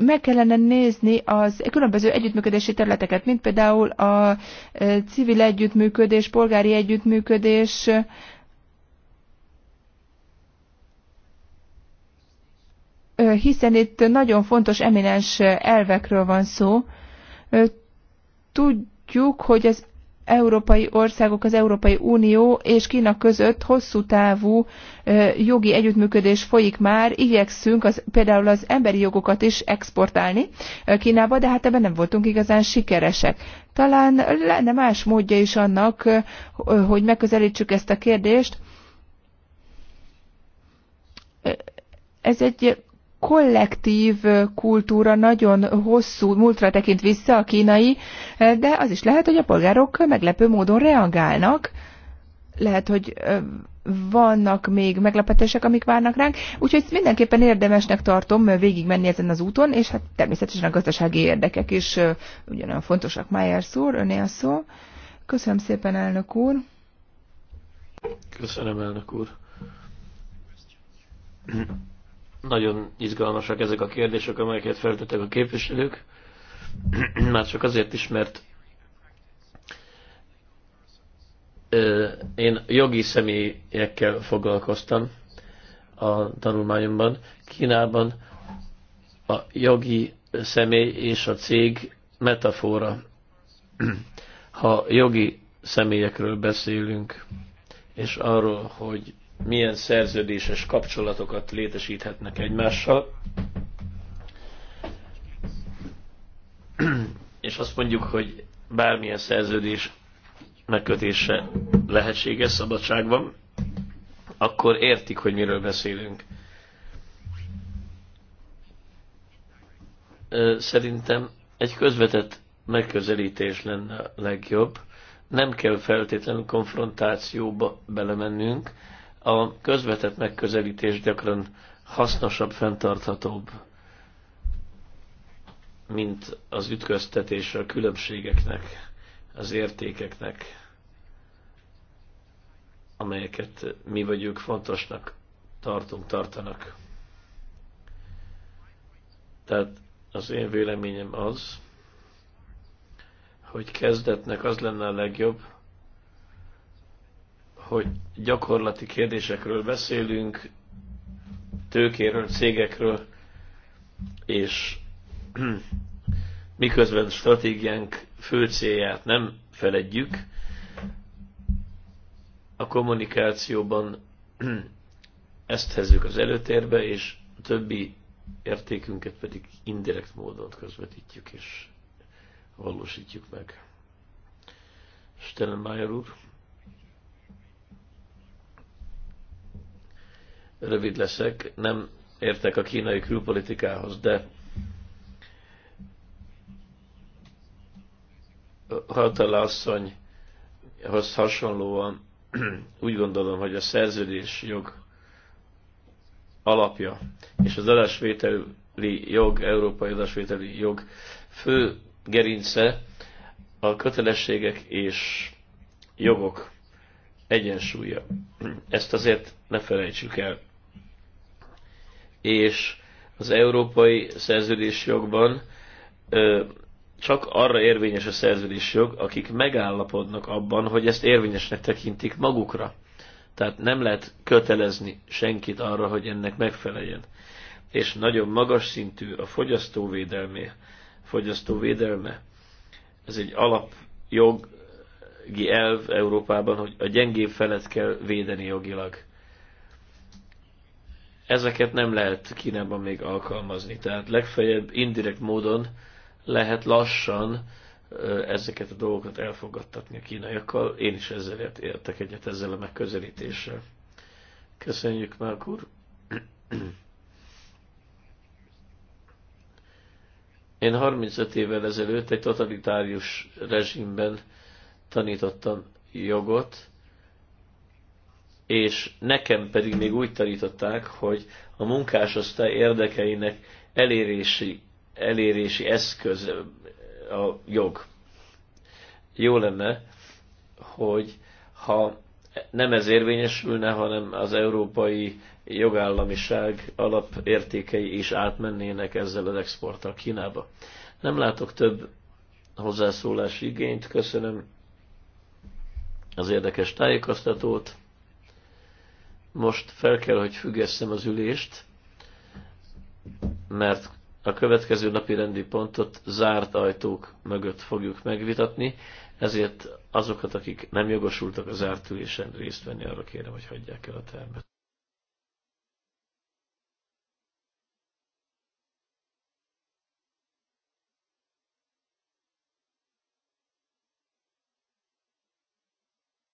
meg kellene nézni az különböző együttműködési területeket, mint például a e, civil együttműködés, polgári együttműködés, hiszen itt nagyon fontos, eminens e, elvekről van szó. Tudjuk, hogy az európai országok, az Európai Unió és Kína között hosszú távú jogi együttműködés folyik már. Igyekszünk az, például az emberi jogokat is exportálni Kínába, de hát ebben nem voltunk igazán sikeresek. Talán lenne más módja is annak, hogy megközelítsük ezt a kérdést. Ez egy kollektív kultúra nagyon hosszú múltra tekint vissza a kínai, de az is lehet, hogy a polgárok meglepő módon reagálnak. Lehet, hogy vannak még meglepetések, amik várnak ránk, úgyhogy ezt mindenképpen érdemesnek tartom végigmenni ezen az úton, és hát természetesen a gazdasági érdekek is ugyanolyan fontosak. Májer szúr, öné a szó. Köszönöm szépen, elnök úr. Köszönöm, elnök úr. Nagyon izgalmasak ezek a kérdések, amelyeket feltettek a képviselők. Már csak azért is, mert én jogi személyekkel foglalkoztam a tanulmányomban. Kínában a jogi személy és a cég metafora. Ha jogi személyekről beszélünk, és arról, hogy milyen szerződéses kapcsolatokat létesíthetnek egymással. És azt mondjuk, hogy bármilyen szerződés megkötése lehetséges szabadságban, akkor értik, hogy miről beszélünk. Szerintem egy közvetett megközelítés lenne a legjobb. Nem kell feltétlenül konfrontációba belemennünk, a közvetett megközelítés gyakran hasznosabb, fenntarthatóbb, mint az ütköztetés a különbségeknek, az értékeknek, amelyeket mi vagy ők fontosnak tartunk, tartanak. Tehát az én véleményem az, hogy kezdetnek az lenne a legjobb, hogy gyakorlati kérdésekről beszélünk, tőkéről, cégekről, és miközben stratégiánk fő célját nem feledjük, a kommunikációban ezt hezzük az előtérbe, és a többi értékünket pedig indirekt módon közvetítjük és valósítjuk meg. Stellenmayer úr. rövid leszek, nem értek a kínai külpolitikához, de Hatala asszonyhoz hasonlóan úgy gondolom, hogy a szerződés jog alapja és az adásvételi jog, európai adásvételi jog fő gerince a kötelességek és jogok egyensúlya. Ezt azért ne felejtsük el és az európai szerződésjogban ö, csak arra érvényes a szerződésjog, akik megállapodnak abban, hogy ezt érvényesnek tekintik magukra. Tehát nem lehet kötelezni senkit arra, hogy ennek megfeleljen. És nagyon magas szintű a fogyasztóvédelmi, fogyasztóvédelme. Ez egy alapjogi elv Európában, hogy a gyengébb felet kell védeni jogilag ezeket nem lehet Kínában még alkalmazni. Tehát legfeljebb indirekt módon lehet lassan ezeket a dolgokat elfogadtatni a kínaiakkal. Én is ezzel értek egyet ezzel a megközelítéssel. Köszönjük, Márk úr! Én 35 évvel ezelőtt egy totalitárius rezsimben tanítottam jogot, és nekem pedig még úgy tanították, hogy a munkásosztály érdekeinek elérési, elérési eszköz a jog. Jó lenne, hogy ha nem ez érvényesülne, hanem az európai jogállamiság alapértékei is átmennének ezzel az exporttal Kínába. Nem látok több hozzászólási igényt, köszönöm az érdekes tájékoztatót most fel kell, hogy függesszem az ülést, mert a következő napi rendi pontot zárt ajtók mögött fogjuk megvitatni, ezért azokat, akik nem jogosultak a zárt ülésen részt venni, arra kérem, hogy hagyják el a termet.